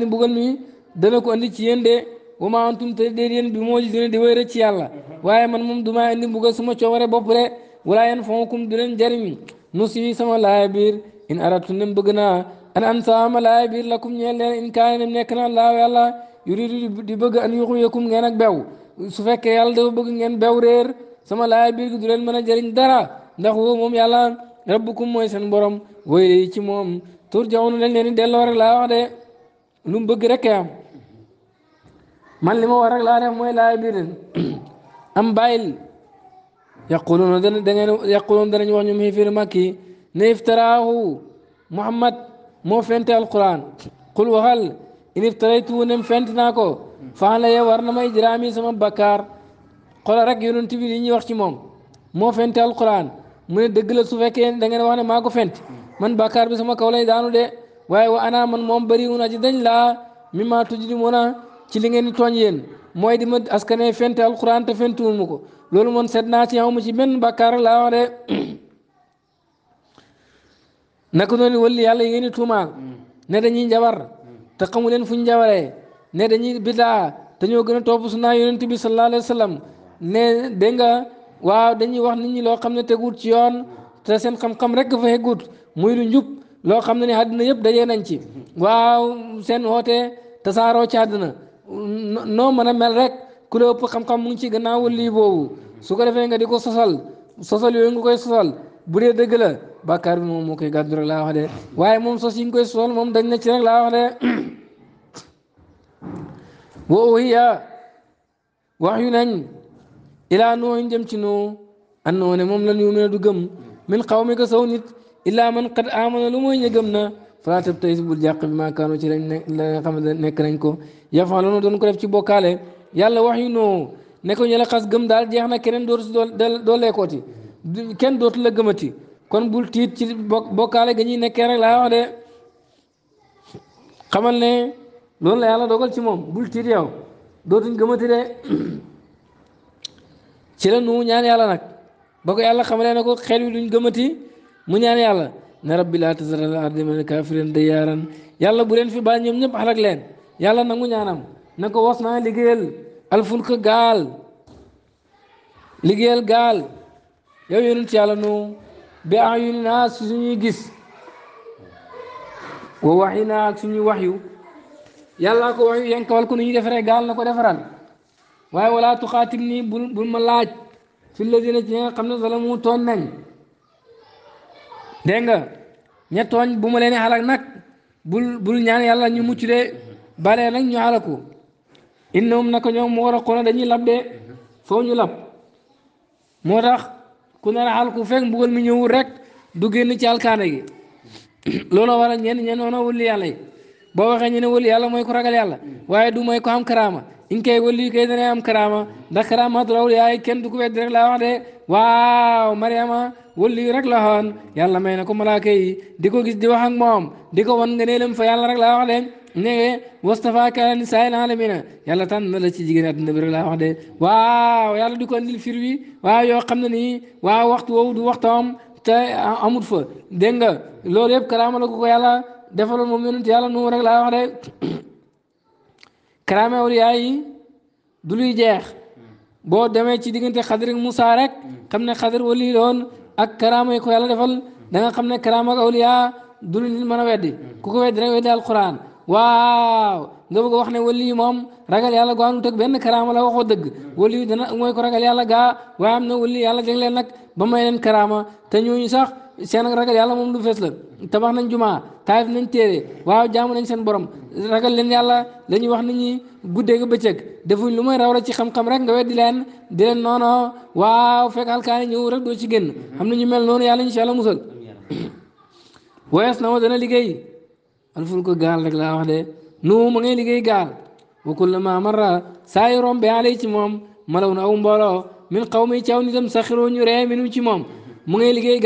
dana ko andi ci yéen de wa ma antum te déet yéen bi moo ji dina di wéy ci yàlla waaye man moom du maa indi mbugal suma coobare bopp de wala yéen fonkum du leen jariñ nu si sama laaya biir in aratu nem bëgg naa an an sama laaya biir lakum ñeel leen in kaane nem nekk na laaw yàlla yuridu di bëgg an yuxuyakum ngeen ak bew su fekkee yàlla dafa bëgg ngeen bew réer sama laaya biir gi du leen mën a jariñ dara ndax woo moom yàlla rabbukum mooy seen borom wéy ci moom tur jawoon lañ leen di delloo laa wax bëgg rek من لما ورق لانه موي لايبرين ام بايل يقولون دن دن يقولون دن يوان يمه في المكي نفتراه محمد مو فنت القرآن قل وهل إن افتريتو نم فنتناكو فعلا يوارنا ما إجرامي سما بكار قال رك يونن تبي ليني وقتي مم مو فنت القرآن من دقل سوفكين دعنا وانا ماكو فنت من بكار بسما كولاي دانو ده واي وانا من مم بري ونا جدنا لا مما تجدي منا ci li ngeen di tooñ yéen mooy di ma askanee fente alquran te fentuwuma ko loolu moon seet naa ci xawma ci benn bàkkaar laa wax de naka noonu yàlla yi ngeen di tuumaal ne dañuy njabar te xamu leen fu ñu njabaree ne dañuy bidaa te ñoo gën a naa sunna yonent bi sallallahu alayhi wa sallam ne dégg nga waaw dañuy wax nit ñi loo xam ne teguut ci yoon te seen xam-xam rek fa yeggut muy lu njub loo xam ne ne àddina yëpp dajee nañ ci waaw seen woote saaroo ci àddina noo mën a mel rek ku la ëpp xam-xam mu ngi ci gannaaw lii boobu su ko defee nga di ko sosal sosol yooyu nga koy sosal bu dee dëgg la bàkkaar moom moo koy gàddu rek laa wax de waaye moom sos yi nga koy sosal moom dañ na ci rek laa wax yu nañ ilaa nooyin jëm ci noo an moom la ñu du gëm min xaw mi ko saw nit illaa man qad amana lu falaa tabta'is bul jaq bi maa kaanu ci lañ la nga xam ne nekk nañ ko ya fa yafaluuna doon ko def ci bokkaale yalla wax yu ne ko ñala xas gëm dal jeex na keneen do do le ko dooleekooti ken dot la gëmati kon bul tiit ci bokkaale gañi nek rek la wax de xamal ne loolu la yalla dogal ci mom bul tiit yow dootuñ gëmati de ci la nu ñaan yalla nak bako yalla yàlla nako xel wi duñ gëmati mu ñaan yalla ne rabbi laa tazar alal ardi mina kaafiriina dayyaaran yàlla bu leen fi bàyyi ñoom ñëpp xalak leen yàlla nangu ñaanam na ko was naa liggéeyal alfulka gaal liggéeyal gaal yow yonent yàlla nu bi ayuninaa si suñuy gis wa waxinaa ak suñuy waxyu yàlla ko waxyu yenkawal ko nu ñuy defaree gaal na ko defaral waaye wala tuxaatim nii bul bul ma laaj fi ladina ci nga xam ne zalamu tooñ nañ dégg nga ña bu ma leen xalak nag bul bul ñaan yàlla ñu mucc de balee nag ñu xalaku innahum naka ñoom mu war a xona dañuy lab de foo ñu lab moo tax ku nar a xalku fekk mbugal mi ñëwul rek du génn ci alkaane gi loolu waral ñenn ñeen woon a wëli yàlla yi boo waxee ñu ne wëli yàlla mooy ku ragal yàlla waaye du mooy ko am karaama in kay wali kay dana am karaama ndax karaamatul awliyaa kenn du ko wedd rek laa wax de waaw Mariama wali rek la xoon yàlla may na ko malaaka yi di ko gis di wax ak moom di ko wan fa yàlla rek laa wax de ne wastafa ka nisaa'il aalamiina yàlla tànn la ci jigéen àddina bi rek wax de waaw yàlla du ko andil fir wi waaw yoo xam ne nii waaw waxtu woowu du waxtoom te amut fa dégg nga loolu yëpp karaama la ko ko yàlla defaloon moom yonent yàlla wax de karaame awliyaa yi du luy jeex boo demee ci diggante xadir ak Moussa rek xam ne xadir wali loon ak karaama yi ko yàlla defal da nga xam ne karaama ak awliyaa du lu nit mën a weddi ku ko weddi rek weddi alquran waaw nga bëgg wax ne wali yi moom ragal yàlla gu àndut ak benn karaama la waxoo dëgg wali yi dana mooy ko ragal yàlla gaa waaye am na wali yàlla jagleel nag ba may leen karaama te ñooñu sax. seen ragal yàlla moom lu fees la tabax nañ jumaa taayif nañ téere waaw jaamu nañ seen borom ragal leen yàlla la ñuy wax nit ñi guddee ga bëccëg defu lu mooy raw la ci xam-xam rek nga weddi leen di leen noono waaw fekk alkaani ñëw rek doo ci génn xam na ñu mel noonu yàlla incha allah musal wees na ma dana liggéey alful ko gaal rek la wax de nu ma ngay liggéey gaal wa kullama marra saa yu rombe ci moom malaw na aw mbooloo min xaw mi caw ci moom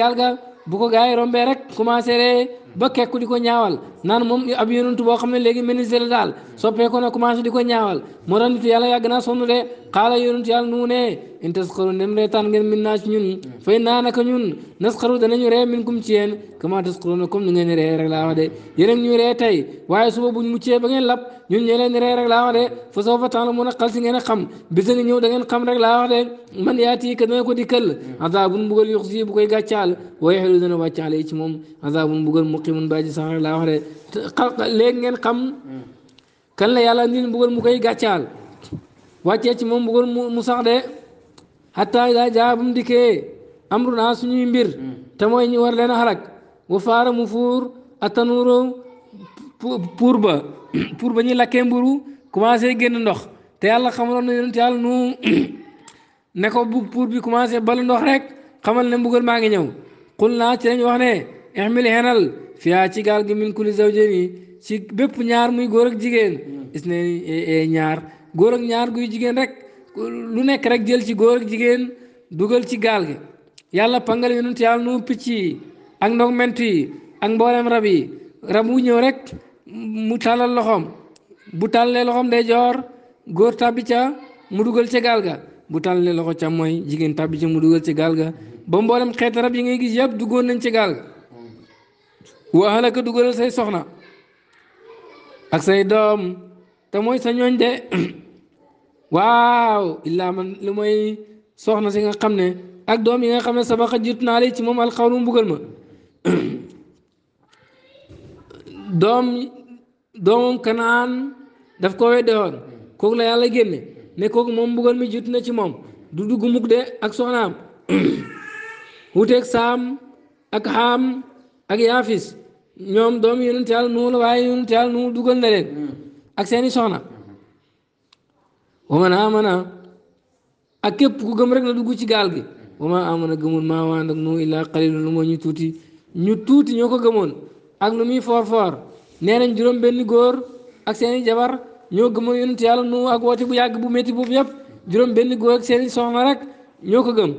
gaal bu ko gars yi rombee rek commencé ree ba kekku di ko ñaawal naan moom ab yonentu boo xam ne léegi ministre la daal soppee ko na commencé di ko ñaawal moo tax nitu yàlla yàgg naa sonn de xaala yonentu yàlla nu ne in tasxaru nem reetaan ngeen min naa ci ñun fay naa ñun nasxaru danañu na comme ni ngeen ree rek laa wax de yéen ak ñuy ree ba ngeen rek laa de fa soo fa a a xam bisa da ngeen xam rek laa wax de man yaati ka dana ko dikkal azabun mbugal yux si bu koy gàccaal waaye xelu dana wàccaal yi ci moom azabun mbugal muqimun bàyyi sax rek laa wax de léegi ngeen xam kan la yàlla nit mbugal mu koy gàccaal wàccee ci moom mbugal mu sax de hatta ida jaabum dikkee amrunaa suñuy mbir te mooy ñu war leen a xalak wa faara mu fuur atanuuro pour ba pour ba ñuy lakkee mburu commencé génn ndox te yàlla xamaloon na yonent yàlla nu ne ko bu pour bi commencé bal ndox rek xamal ne mbugal maa ngi ñëw xul naa ci lañ wax ne ixmil xenal fiyaa ci gaal gi min kulli zawjayni ci bépp ñaar muy góor ak jigéen is ne ñaar góor ak ñaar guy jigéen rek lu nekk rek jël ci góor ak jigéen dugal ci gaal gi yàlla pangal yonent yàlla nu picc yi ak ndog ment yi ak mboolem rab yi rab wu ñëw rek mu tàllal loxoom bu tàllalee loxoom day joor góor tàbbi ca mu dugal ca gaal ga bu tàllalee loxo ca mooy jigéen tàbbi ca mu dugal ca gaal ga ba mboolem xeet rab yi ngay gis yëpp duggoon nañ ca gaal ga waxala dugalal say soxna ak say doom te sa ñooñ de waaw illaa man lu mooy soxna si nga xam ne ak doom yi nga xam ne sabaxa jiitu naa la ci moom alxawlu mbugal kanaan daf ko wedde woon kooku la yàlla génne ne kooku moom mbugal mi jiitu na ci moom du dugg mukk de ak soxnaam sam saam ak xaam ak yaafis ñoom doom yonent yàlla nuur la waaye yonent yàlla nuur dugal na leen hmm. ak seeni soxna waman amana ak képp ku gëm rek na dugg ci gaal gi waman amana gëmul maa waan ak nu illaa qalilun lu moo ñu tuuti ñu tuuti ñoo ko gëmoon ak lu muy foor foor nee nañ juróom benn góor ak seeni jabar ñoo gëmoon yonent yàlla nu ak woote bu yàgg bu métti boobu yëpp juróom benn góor ak seeni soxna rek ñoo ko gëm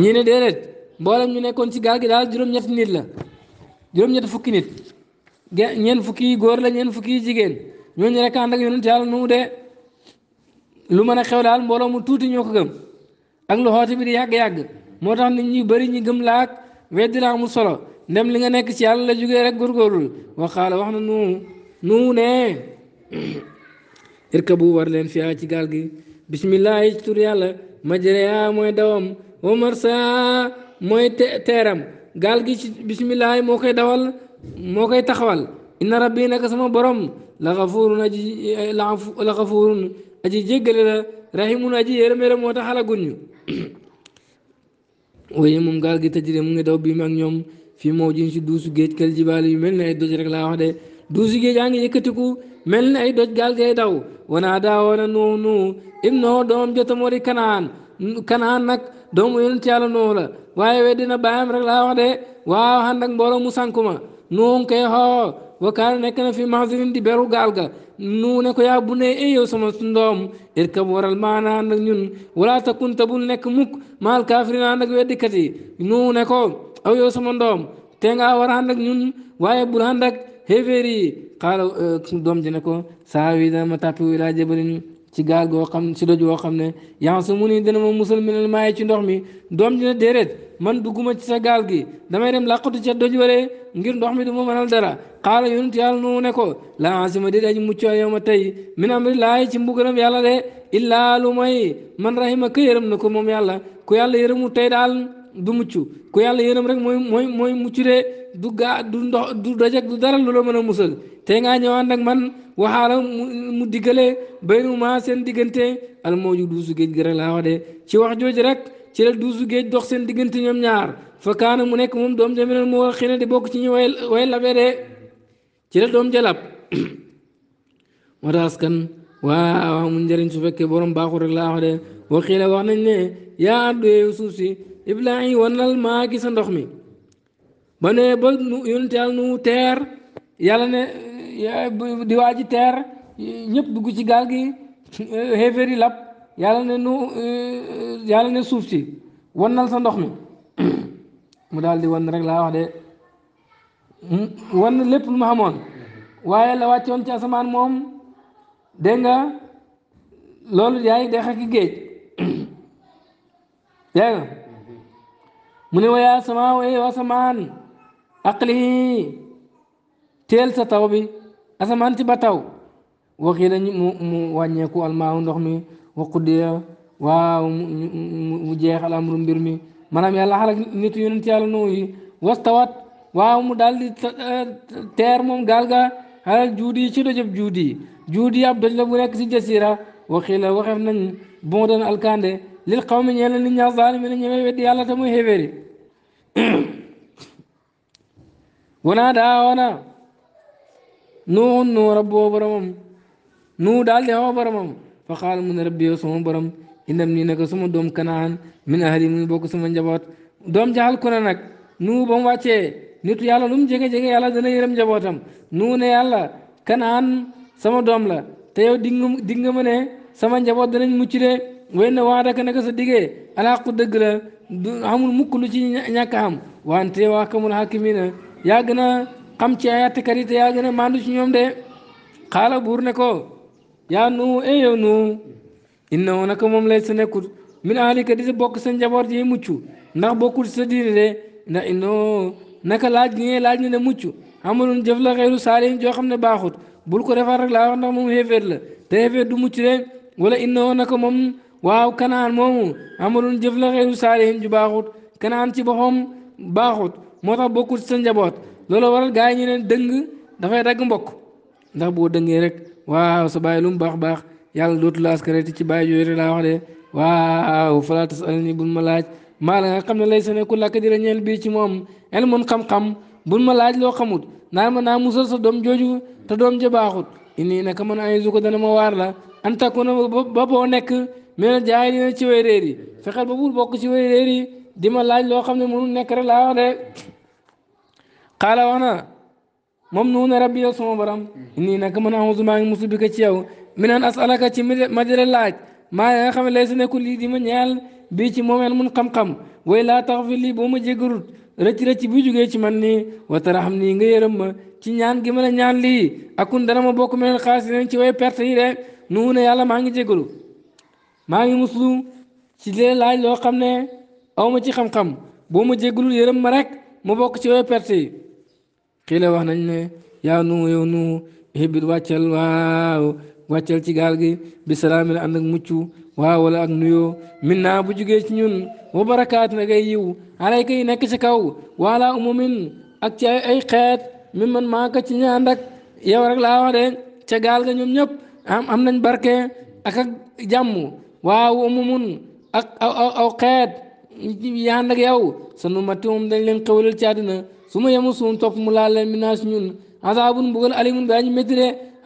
ñi ne déedéet mboolem ñu nekkoon ci gaal gi daal juróom-ñetti nit la juróom-ñetti fukki nit ñeen fukki góor la ñeen fukki jigéen ñooñu rek ànd ak yonent yàlla nu mu dee lu mën a xew daal mbooloo mu tuuti ñoo ko gëm ak lu xoote bi di yàgg moo tax nit ñi bari ñu gëm laak weddi mu solo ndem li nga nekk ci yàlla la jógee rek góorgóorlu waxaala wax na nu nu ne bu war leen fiyaa ci gaal gi bismillah ci tur yàlla majreya mooy dawam wa marsa mooy teeram gaal gi ci bismillah moo koy dawal moo koy taxawal inna rabbi naka sama borom la xafuurun aji la xafuurun aji jéggale la rahimun aji yërëm yërëm moo tax xalaguñ moom gaal gi tëjee mu ngi daw bii ñoom fii moo jin duusu géej kal jibaal yu mel ne ay doj rek laa wax de duusu géej a ngi yëkkatiku mel ne ay doj gaal gay daw wanaa daawoo na nuu nuu ibnoo doomam jotam wari kanaan kanaan nag doomu yonent yàlla nuu la waaye we dina rek laa wax de waaw ànd ak mu sànku ma nuu koy wakaana nekk na fi mahzirin di beru gaal ga nu ne ko yaa bu ne yow sama ndoom irkab waral maana ànd ak ñun wala takun ta nekk mukk maal kaafiriin ànd ak weddikat yi nu ne sama ndoom te nga war ànd ñun waaye bul ànd ak xéeféer yi euh, doom ji ne ko saa wi dana ma tàppi wi laa jabalin ci gaal goo xam ci doj woo xam ne yaa su mu ni dina ma musal minal maayi ci ndox mi doom dina déeréet man dugguma ci sa gaal gi damay dem làqatu ca doj waree ngir ndox mi du ma mënal dara xaala yonent yàlla nu ne ko la asima di daji muccoo yow ma tey min amri laayi ci de illaa lu man rahima ka yërëm na ko moom yàlla ku yàlla yërëmu tey daal du mucc de du gaa du ndox du dajak du dara lu la mën a musal te ngaa ñëwaan nag man waxaala mu diggale baynuma seen diggante al mawju duusu géej gi rek laa wax de ci wax jooju rek ci la duusu géej dox seen diggante ñoom ñaar fa kaana mu nekk moom doom jamine mu war xëy na di bokk ci ñu way way labe de ci la doom jalab moo tax askan waaw amul njëriñ su fekkee borom baaxul rek laa wax de wax nañ ne yaa ardu suuf si iblaayi wanal maa gi sa ndox mi ba ne ba yonent yàlla nu teer yàlla ne teer ñëpp dugg ci gaal gi xéeféer yi lab yàlla ne nu eh, yàlla suuf si wannal sa ndox mi mu daldi di rek laa wax de hmm, wan lépp lu ma xamoon waaye la wàccoon ci asamaan moom dégg nga loolu yaay dex ak géej dégg nga mu ne waaye asamaan waaye asamaan aqli teel sa taw bi asamaan si ba taw waxii la mu mu wàññeeku almaahu ndox mi wa quddiya waaw mu jeex alamru mbir mi maanaam yàlla xalak nit yonent yàlla Nuux yi wastawat waaw mu daldi di moom galga ga xalal ci dojëb juudi juudi ab doj la bu nekk si jasira waxii la waxef nañ bon doon alkande lil xaw mi ñee la nit ñaa weddi yàlla te muy xéwéeri గుణాధావన నువ్వు నువ్వు రబ్బో పరమం నువ్వు డాల్ది హవ పరమం فقال من ربي وسم برم إنم نينك سم دوم كنان من أهلي من بوك سم جبات دوم جهل كنا نك نو بوم واتشي نيتو يالا لوم جيجي جيجي يالا دنا يرم جباتم نو نه يالا كنان سم دوم لا تيو دينغم دينغم نه سم جبات دنا مچري وين وعدك نك سديجي على قد دغلا amul mukk lu ci ñàkk am wante waa kamul hakimina yaa gën a xam ci ay attekat yi te yaa gën a maandu ci ñoom de xaala buur ne ko yaa nu e yow nu naka moom lay sa nekkut min ahlika di sa bokk sa njaboot yi mucc ndax bokkul sa diine de ndax innahu naka laaj gi laaj ne ne mucc amalun jëf la xeeru saalim joo xam ne baaxut bul ko defar rek laa wax ndax moom xéeféer la te xéeféer du mucc de wala innahu naka moom waaw kanaan moomu amalun jëf la xeeru saalim ju baaxut kanaan ci boppam baaxut moo tax bokkul sa njaboot loolu waral gaa yi ñu leen dëng dafay dagg mbokk ndax boo dëngee rek waaw sa baay lu mu baax baax yàlla dootu la askareti ci bàyyi yooyu laa wax de waaw falaa tasalni bu ma laaj maa la nga xam ne lay sa nekkul làkk dira ñeel bii ci moom el mun xam-xam bul ma laaj loo xamut naa ma naa musal sa doom jooju te doom ja baaxut inni naka man ay zu ko dana ma waar la an takku na ba boo nekk mel na jaay dina ci way fexeel ba di ma laaj loo xam ne mënul nekk rek laa wax de xaala wax na moom nuuna rabbi yow sama borom nii nag mën auzu maa ngi musu bi ci yow mi naan asalaka ci ma di la laaj maa nga xam ne lay nekkul lii di ma ñaal bii ci moomeel mun xam-xam way laa tax fi lii boo ma jéggarut rëcc rëcc bi jógee ci man ni nii wataraxam nii nga yërëm ma ci ñaan gi ma ñaan lii akun dana ma bokk mel xaalis leen ci way perte yi de nuuna yàlla maa ngi jéggaru maa ngi muslu ci lee laaj loo xam ne aw ma ci xam-xam boo ma jéggalul yërëm ma rek mu bokk ci way perte yi la wax nañ ne yaa nu yow nu hibit wàccal waaw wàccal ci gaal gi bi salaamin ànd ak mucc waaw wala ak nuyoo min naa bu jugee ci ñun wa barakaat na ngay yiw alayka yi nekk ci kaw waala umumin ak ci ay xeet mi man maaka ci ñaan ak yow rek laa wax de ca gaal ga ñoom ñëpp am nañ barke ak ak jàmm waaw umumun ak aw aw xeet yaa nag yow sunu matti moom dañ leen xewalal ci àddina su ma yemu suun topp mu laal leen minaas ñun azaabun mbugal alimun bi añu métti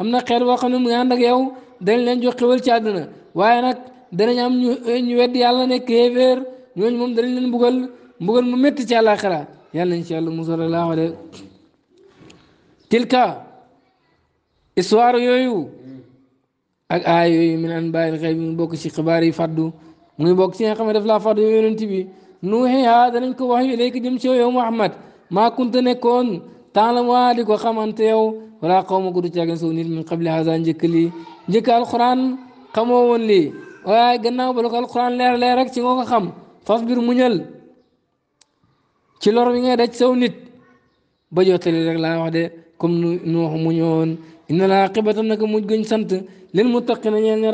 am na xeet boo xam ne yaa nag yow dañ leen jox xewal ci àddina waaye nag danañ am ñu ñu wedd yàlla nekk kéeféer ñooñu moom danañ leen mbugal mbugal mu métti ci àllaaxira yàlla nañ ci yàlla musal laaxu de yooyu ak aay yooyu min an bàyyil xëy bi mu ci xibaar yi faddu muy bokk si nga xam ne daf laa far yow yonent bi nuuxiyaa danañ ko wax yu léegi jëm si yow Muhammad maa kunta nekkoon taalam waa di ko xamante yow wala xaw ma ko du caagin soo nit min qabli haza njëkk lii njëkk alquran xamoo woon lii waaye gannaaw ba alquran leer leer rek ci nga xam fas muñal ci lor wi ngay daj saw nit ba jottali rek laa wax de comme nu nuux muñoon inna laa xibata naka mujj gëñ sant leen mu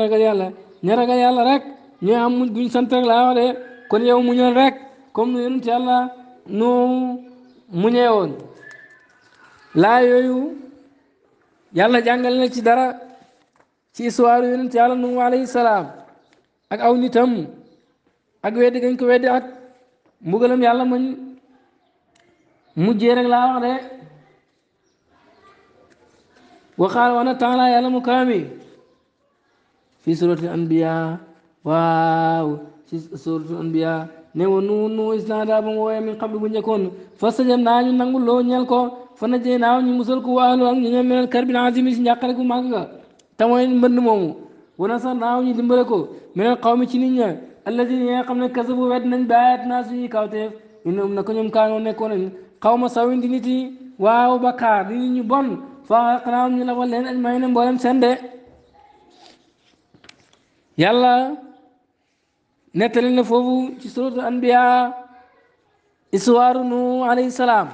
ragal yàlla ña ragal yàlla rek ñu am muñ guñ sant rek laa wax de kon yow muñal rek comme nu yonent yàlla nu muñee woon laa yooyu yàlla jàngal na ci dara ci histoire yonent yàlla nu alayhi salaam ak aw nitam ak weddi gañ ko weddi ak mbugalam yàlla mañ mujjee rek laa wax de waxaal wana taala yàlla mu kaami fii suratul anbiya waaw ci suratul anbiya ne wa nuunu isnaada ba mu woowee min qablu bu njëkkoon fastajab naa ñu nangu loo ñeel ko fa na jee naaw ñu musal ko waalu ak ñu ñoom meneen karbin azimi si njàqare gu màgg nga te mooy mbënd moomu wana ñu dimbale ko meneen xaw mi ci nit ña alladina yi nga xam ne kasabu wet nañ baayat naa suñuy kawteef innahum xaw ma sawin di nit yi waaw bakkaar di nit ñu bon fa xanaa ñu lafal leen ajmaay na mboolem seen de yàlla nettali na foofu ci suratul anbiya iswaaru nu alayhi salaam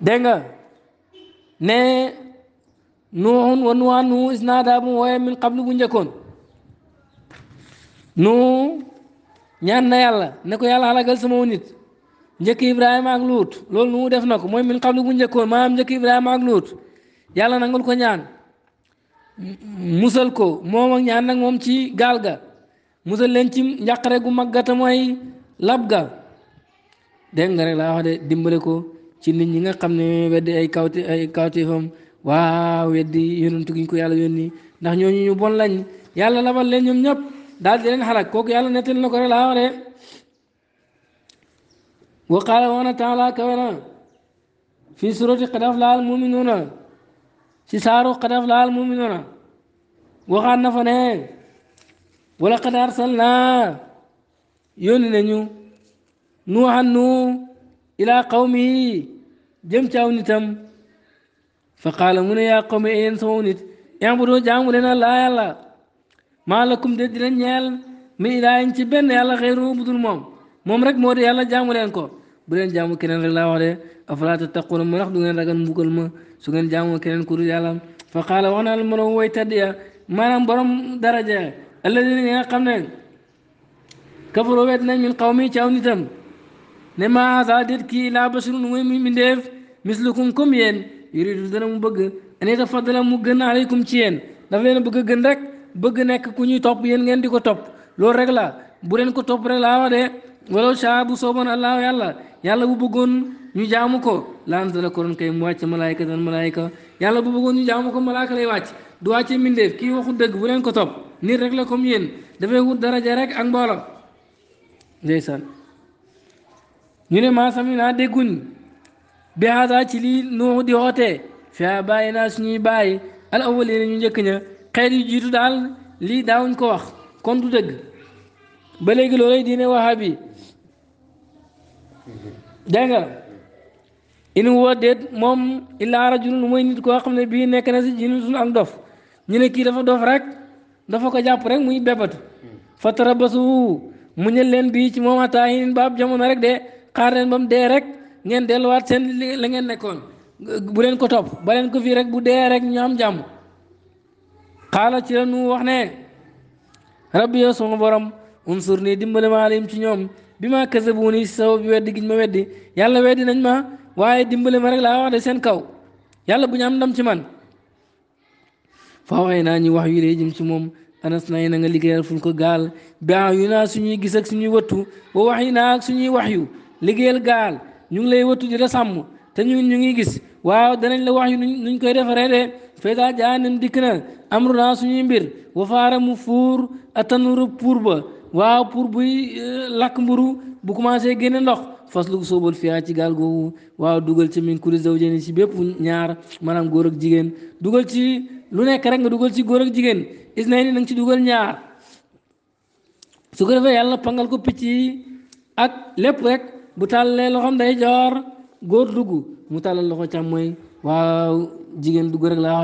dégg nga ne nuuxun wa nuwaan nu isnaada bu wooye min qablu bu njëkkoon nu ñaan na yàlla ne ko yàlla xalagal sama nit njëkk ibrahima ak luut loolu nu def na ko mooy min qablu bu njëkkoon maanaam njëkk ibrahima ak luut yàlla nangul ko ñaan musal ko moom ak ñaan nag moom ci gaal musal leen ci njàqare gu mag ga te mooy lab ga dégg nga rek laa wax de dimbale ko ci nit ñi nga xam ne weddi ay kawti ay kawtifam waaw weddi yonantu giñ ko yàlla yónni ndax ñooñu ñu bon lañ yàlla labal leen ñoom ñëpp daal di leen xalak kooku yàlla nettal na ko rek laa wax de wa qaala woona taala kawena fii surati qad aflaha al muminuuna ci saaru qad aflaha na fa ne wala qad arsalnaa yónni nañu nuuhan nu ilaa qawmihi jëm ci aw nitam fa mu ne yaa qawmi yéen sama nit i'buduu jaamu leen Allaa yàlla maa lakum de dina ñeel min ilaahin ci benn yàlla xayru budul moom moom rek moo di yàlla jaamu leen ko bu leen jaamu keneen rek laa wax de afalaa a ma ndax du ngeen ragal mbugal ma su ngeen jaamu keneen ku dul yàlla fa wax naa la ma taddiya maanaam borom daraja alladina ñi nga xam ne kafaroo weet nañ min xaw mi ci aw nitam ne ma sa déet kii laa basirun mooy mu mbindeef mislukum comme yéen yuridu dana mu bëgg ani tafaddala mu gën aleykum ci yéen dafa leen bëgg gën rek bëgg nekk ku ñuy topp yéen ngeen di ko topp loolu rek la bu leen ko topp rek laa wax de wala saa bu sooboon allah yàlla yàlla bu bëggoon ñu jaamu ko laan dala ko doon kay mu wàcc malaayka dan malaayka yàlla bu bëggoon ñu jaamu ko malaaka lay wàcc du wàcce mbindeef kii waxu dëgg bu leen ko topp nit rek la comme yéen dafay wut daraja rek ak mbooloo ndeysaan ñu ne maa sami naa dégguñ bi haasaa ci lii nuuxu di xootee fia bàyyi naa suñuy bàyyi al awwalina ñu njëkk ña xeet yu jiitu daal lii daawuñ ko wax kon du dëgg ba léegi loolay diine wahabi dégg nga in woo déet moom illaa rajulun mooy nit koo xam ne bii nekk na si jiinu suñu ak dof ñu ne kii dafa dof rek dafa ko jàpp rek muy fa bebatu mu muñal leen bii ci moom ataayin baab jamono rek de xaar leen ba mu dee rek ngeen delluwaat seen la ngeen nekkoon bu leen ko topp ba leen ko fii rek bu dee rek ñu am jàmm xaala ci la nu wax ne rabbi yow sama borom unsur nii dimbale ma alim ci ñoom bi ma kasabu nii saw bi weddi giñ ma weddi yàlla weddi nañ ma waaye dimbale ma rek laa wax de seen kaw yàlla bu ñu ci man faawaay naa ñu wax yu lay jëm ci moom anas nay na nga liggéeyal ful ko gaal bia yu naa suñuy gis ak suñuy wattu ba wax yi naa suñuy wax yu liggéeyal gaal ñu ngi lay wattu di sàmm te ñun ñu ngi gis waaw danañ la wax yu nuñ koy defaree de fayda jaanem dikk na amru naa suñuy mbir wafaara mu fuur atanuru pour ba waaw pour buy euh, lakk mburu bu commencé génne ndox fas lu sóobal fiyaa ci gaal googu waaw dugal ci min kuli zawjani ci bépp ñaar maanaam góor ak jigéen dugal ci lu nekk rek nga dugal ci góor ak jigéen is na ni na ci dugal ñaar su ko defee yàlla pangal ko picc yi ak lépp rek bu tàllee loxoom day joor góor dugg mu tàllal loxo moy waaw jigéen dugg rek laa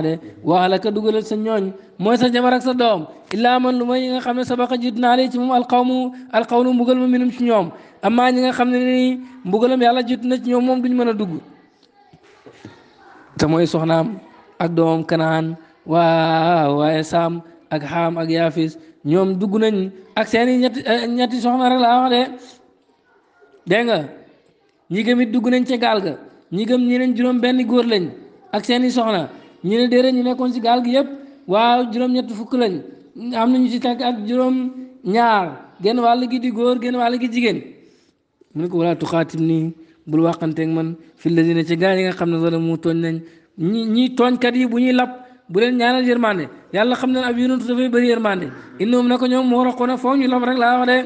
wax de waala sa ñooñ mooy sa jabar ak sa doom illaa man lu may ñi nga xam ne sabaqa jit naa lee ci moom alqawmu alqawlu mbugal ma minum ci ñoom amaa ñi nga xam ne ni mbugalam yàlla jit na ci ñoom moom duñ mën a dugg te mooy soxnaam ak doomam kanaan waaw waaye sam, ak xaam ak yaafis ñoom dugg nañ ak seeni ñetti eh, ñetti soxna rek laa wax de dégg nga ñi gëm it dugg nañ ca gaal ga ñi gëm ñeneen juróom benn góor lañ ak seeni soxna ñi ne déedéet ñu nekkoon ci gaal gi yëpp waaw juróom ñett fukk lañ am ci ak juróom ñaar genn wàll gi di góor genn wàll gi jigéen mu ne ko wala tuxaatim nii bul waxanteeg man fi la dina ci gaa yi nga xam ne wala mu tooñ nañ ñi ñi tooñkat yi bu ñuy lap bu leen ñaanal yërmande yàlla xam na ne ab yonent dafay bëri yërmande innahum na ko ñoom moo raqoona foo ñu lob rek laa wax de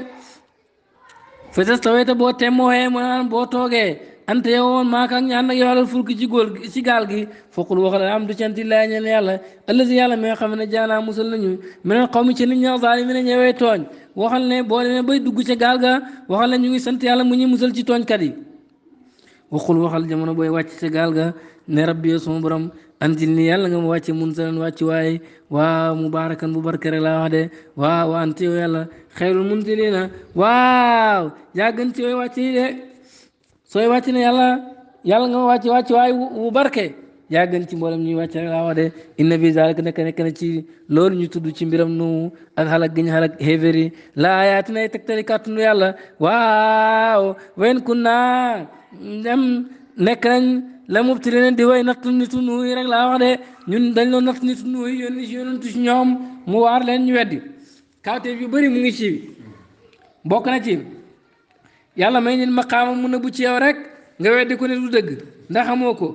fetes tawete boo temmoxee mu naan boo toogee ante yow woon maaka ak ñaan nag yow alal fulki ci góol ci gaal gi foqul waxal am du cant laa ñeen yàlla ëllësi yàlla mi nga xam ne jaanaa musal nañu meneen xaw mi ci nit ña zaalimi ne ñëwee tooñ waxal ne boo demee bay dugg ca gaal ga waxal ne ñu ngi sant yàlla mu ñu musal ci tooñkat yi waxul waxal jamono booy wàcc ca gaal ga ne borom anzil ni yàlla nga ma wàcce munzalan wàcc waaye waa mubarakan bu barkere laa wax de waa waa ante yow yàlla xayrul munzilina waaw yaa gën ci yooyu wàcc yi de sooy wàcc ne yàlla yàlla nga ma wàcce wàcc waaye wu barke yaa gën ci mboolem ñuy wàcc laa wax de inna fi zalika nekk nekk na ci loolu ñu tudd ci mbiram nu ak xalak gi ñu xalak xéeféer yi laa yaa tinay tegtali waaw wen kun naa dem la mubtali leen di way natt nitu nuuy rek laa wax de ñun dañ doon natt nitu nuuy yónni si yónantu si ñoom mu waar leen ñu weddi kawteef yu bëri mu ngi ci bokk na ci yàlla may nit maqaama mun na bu ci yow rek nga weddi ko ne du dëgg ndax xamoo ko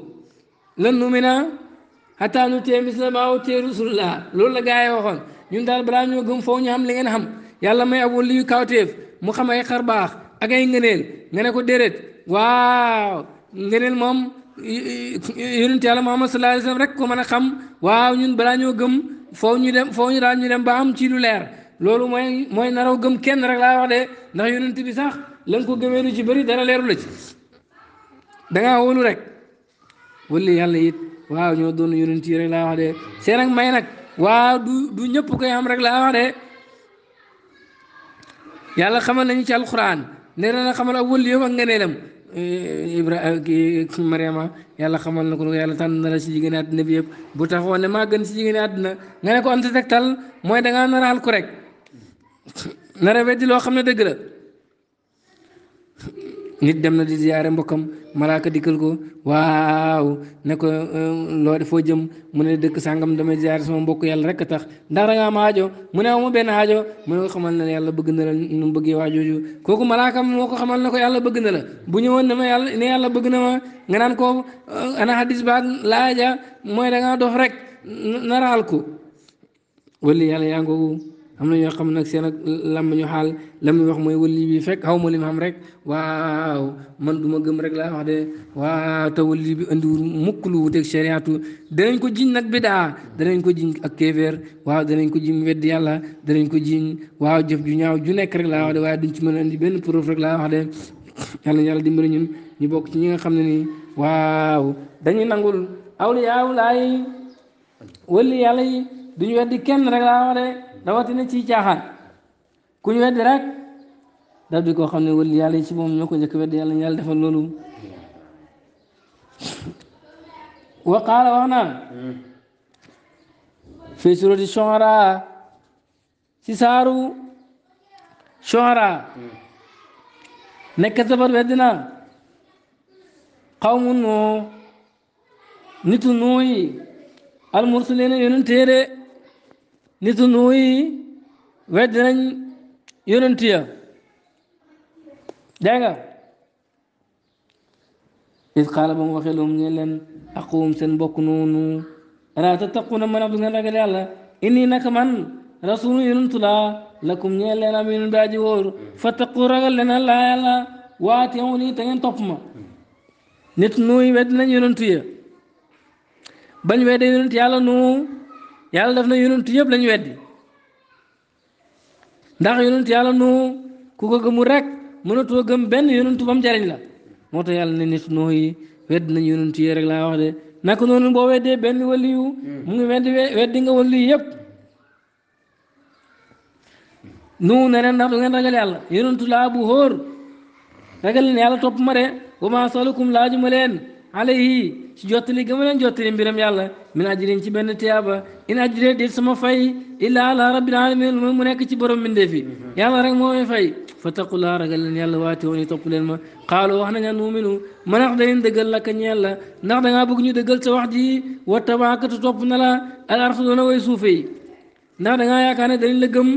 lan nu mi naa xataa nu tee misla maa utee rasulullah loolu la gaa yi waxoon ñun daal balaa ñoo gëm foofu ñu xam li ngeen xam yàlla may ab waliyu kawteef mu xam ay xar baax ak ay ngëneel nga ne ko déedéet waaw ngëneel moom yonent yàlla Muhammad sallallahu alayhi wasallam rek ko mën a xam waaw ñun balaa ñoo gëm foo ñu dem foo ñu daal ñu ba am ci lu leer loolu mooy naraw gëm kenn rek laa wax de ndax yonent bi sax la nga ko gëmee lu ci bëri dara leer la ci da rek wala yàlla it waaw ñoo doon yonent yi rek laa wax de seen ak may nag waaw du du ñëpp koy am rek laa wax de yàlla xamal nañu ci alquran nee na xamal ak wëli yëpp ak Eh, Ibrahima eh, kii Mariama yàlla xamal na ko yàlla tànn na la si jigéen àddina bi yëpp bu taxawoon ne maa gën si jigéen àddina nga ne ko am sa tegtal mooy da ngaa naraal ku rek nara weddi loo xam ne dëgg la nit dem na di ziyaare mbokkam malaaka dikkal ko waaw ne ko euh, loo foo jëm mu ne dëkk sàngam damay ziar sama mbokk yàlla rek tax ndax da nga am aajo mu ne amu benn aajo mu ne ko xamal na yàlla bëgg na la nu mu bëggee waajooju kooku malaaka ko xamal na ko yàlla bëgg na la bu ñëwoon ne ma yàlla ne yàlla bëgg na ma nga euh, ana hadis baat laaja mooy da ngaa dox rek naraal ko wala yàlla am na ñoo xam na seen ak lam ñu xaal la muy wax mooy wëlli bi fekk xaw ma lim rek waaw man du ma gëm rek laa wax de waaw te bi andiwul mukk lu wuteeg chariatu danañ ko jiñ nag bidaa danañ ko jiñ ak kéeféer waaw danañ ko jiñ weddi yàlla danañ ko jiñ waaw jëf ju ñaaw ju nekk rek laa wax de waaye ci mën a andi benn preuve rek laa wax de yàlla ñu bokk ci ñi nga xam ne nii waaw dañuy nangul awliyaaw rawatina ci caaxaan ku ñu weddi rek daf di koo xam ne wël yàlla yi ci moom ñoo ko njëkk weddi yàlla yàlla defal loolu wa qaala wax naa fii surati saaru Shu'ara nekk sabar weddi na xawmu noo nitu nooyi al mursalina yonent nitu nuuy weddi nañ yonent ya dégg is xaala ba mu waxee lu mu ñe leen aquum seen mbokk noonu ala tattaquna man ab du ngeen ragal yàlla inni naka man rasulu yonentu laa lakum ñee leen am yonent bi aji wóor fattaqu ragal leen alla waati yow nii topp ma nit nuuy weddi nañ yonentu ya bañ wedde yonent yàlla nu yàlla def na yonent yëpp lañu weddi ndax yonent yàlla nu ku ko gëmu rek mënatoo gëm benn yonent ba mu jariñ la moo tax yàlla ne nit noo yi wedd nañ yonent yi rek laa wax de naka noonu boo weddee benn waliyu hmm. mu ngi weddi weddi nga waliyu yëpp nu ne ndax du ngeen ragal yàlla yonentu laa bu ragal leen topp ma de wa maa salakum laaju ma leen alayhi ci jottali gama leen jottali mbiram yàlla min ajrin ci benn tiyaaba in ajree déet sama fay illaa ala rabbil alamin lu mu nekk ci borom mbindee fi mm-hmm. yàlla rek moo may fay fattaqullaa ragal leen yàlla waate woon topp leen ma xaaloo wax na nañu nuuminu ma ndax dañu dëggal lakka ñeel la ndax da ngaa bëgg ñu dëggal sa wax ji wa tabaakatu topp na la al arsu doona way suufe ndax da ngaa yaakaar ne dañ la gëm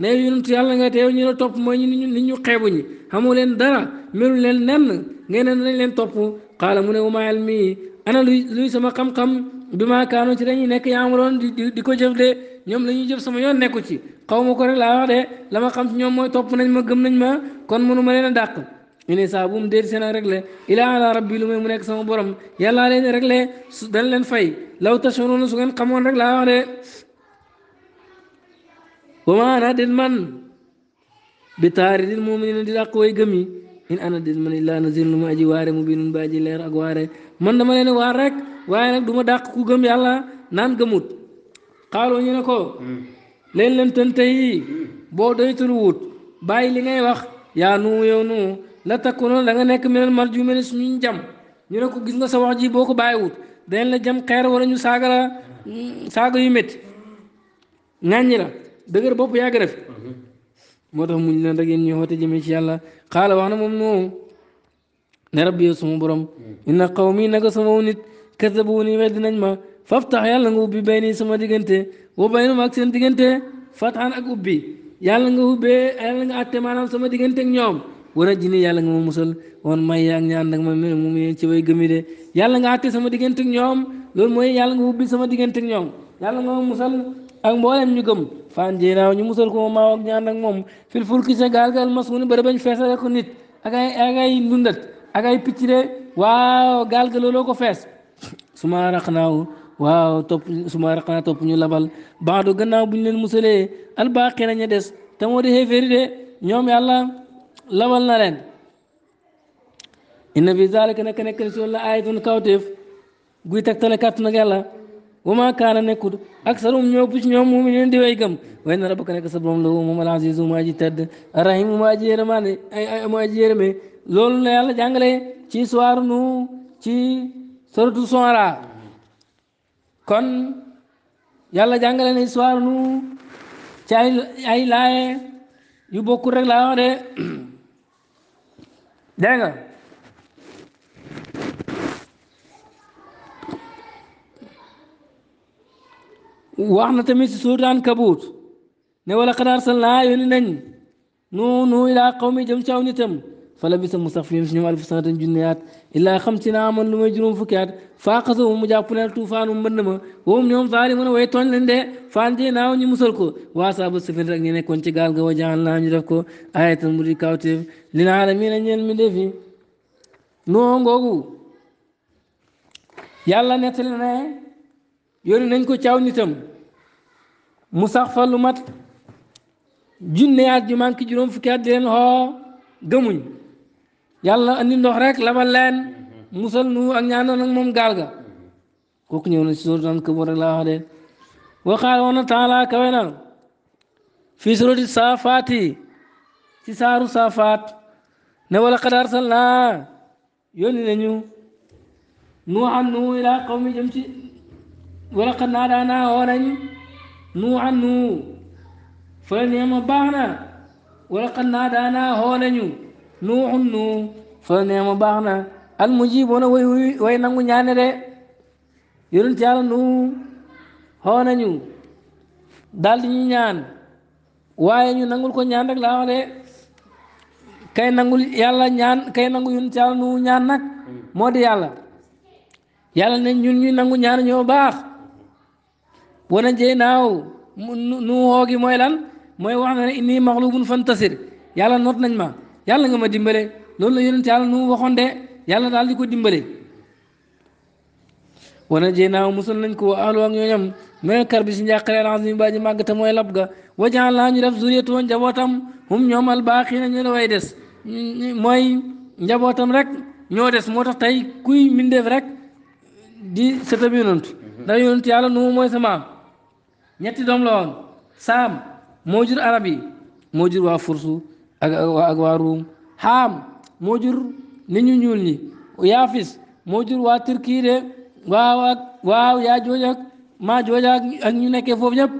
ne yonentu yàlla nga teew ñu la topp mooy ñu nit ñu xeebu ñi xamu leen dara melu leen nenn ngeen ne nañ leen topp qaala mu ne wa maa ilmi ana luy sama xam-xam bi maa kaanu ci dañuy nekk yaamaloon di di ko jëf de ñoom la ñu jëf sama yoon nekku ci xaw ma ko rek laa wax de la ma xam ci ñoom mooy topp nañ ma gëm nañ ma kon mënu ma leen a dàq ñu ne saa bu mu rek le ilaa ala rabbi lu may mu nekk sama borom yàllaa leen rek le su dañ leen fay law tashuruna su ngeen xamoon rek laa wax de wa maa ana déet man bi taari dil mu'minina di dàq way gëm in ana dis man illaa nazir lu mu aji waare mu binun ba aji leer ak waare man dama leen waar rek waaye nag du ma ku gëm yàlla naan gëmut xaaloo ñu ne ko leen leen tënte yi boo doytul wut bàyyi li ngay wax yaa nu yow nu da nga nekk meneen marju mene suñu jam ñu ne ko gis nga sa wax ji boo ko bàyyi wut dañ la jam xeer wala ñu saaga la mm, saaga yu metti ŋàññi la dëgër bopp yàgg na fi mm-hmm. moo tax muñ leen rek yéen ñuy xoote ci yàlla xaala wax na moom noonu ne rabbi yow sama borom inna qawmi naka sama nit kasabuuni weddi nañ ma faftax yàlla nga ubbi bayni sama diggante wa baynahum ak seen diggante fatan ak ubbi yàlla nga ubbee yàlla nga atte maanaam sama diggante ñoom war a yàlla nga ma musal woon may yaa ngi ñaan nag ma mu mu ci way gëmi de yàlla nga atte sama diggante ak ñoom loolu mooy yàlla nga ubbi sama diggante ak ñoom nga ma musal ak mboolem ñu gëm fan jéynaaw ñu musal ko maaw ak ñaan ak moom fil fulki sa gaal ga almasuni bari bañ feesale ko nit ak ndundat ak picc de waaw gaal ga ko fees suma raq naaw waaw topp suma raq naa topp ñu labal baado gannaaw buñu ñu leen musalee albaaqi na ña des te moo di de ñoom yàlla labal na leen inna fi zalika nekk nekk si wala aayatun kawteef guy tegtale kàttu nag yàlla wa maa kaana nekkut aksarum ñoo ëpp ci ñoom mu'miniin di way gëm way na rabbaka nekk sa borom la moom al azizu mu aji tedd arrahim mu aji yërëmaane mu aji yërëme loolu la yàlla jàngale ci soir nu ci soratu sonra kon yàlla jàngale na soir nu ci ay ay laaye yu bokkul rek laa wax de dégg واحنا تمشي سودان كابوت نو لا قدر صلى الله نو نو الى قوم جم نتم فلبس مسافرين سنو الف سنه جنيات الا خمسين عام لما يجرون فكات فاقصوا مجابون الطوفان ومنما وهم نيوم ظالمون ويتون لنده فانجي ناو ني مسلكو واساب السفن رقني نكون تقال غواجان الله نجرفكو آية المري كاوتيف للعالمين نو غوغو يالا نتلنا yónni nañ ko caaw nitam mu sax fa lu mat junne at juróom fukki at xoo gëmuñ yàlla andi ndox rek labal leen musal nu ak ñaanoon ak moom gaal ga kooku ñëw na si sóor daan këbor rek laa de waxaal woon na taala kawe na fii surati saafaati ci saaru saafaat ne wala xadaar naa yónni nañu nuuxan nu ilaa qawmi jëm ci wala xat naa daa naa woo nañ nuu an nuu fële nee ma baax na wala xat naa daa naa woo nañu nuu an nuu fële nee ma baax na al mujiboona way way nangu ñaane de yonent yàlla nuu woo nañu daldi ñu ñaan waaye ñu nangul ko ñaan rek laa de kay nangul yàlla ñaan kay nangu yonent yàlla nuu ñaan nag moo di yàlla yàlla ne ñun ñu nangu ñaan ñoo baax wana jëy naaw nu xoogi mooy lan mooy wax na ne ini maxlubun fantasir yàlla noot nañ ma yàlla nga ma dimbale loolu la yonent yàlla nu waxoon de yàlla di ko dimbale wana jëy naaw musal nañ ko ahlu ak ñooñam mel kar bi si njàqare alazim ba mooy lab ga wajan laa ñu def zuriyatoon njabootam hum ñoom albaaxi na ñu la way des mooy njabootam rek ñoo des moo tax tey kuy mindeef rek di sëtam yonent mhm. ndax yonent yàlla mooy sa ñetti doom la saam moo jur arab moo jur waa fursu ak ak waa ruum xaam moo jur nit ñu ñuul ñi yaafis moo jur waa turki de waaw ak waaw yaa jooj ak maa jooj ak ñu nekkee foofu ñëpp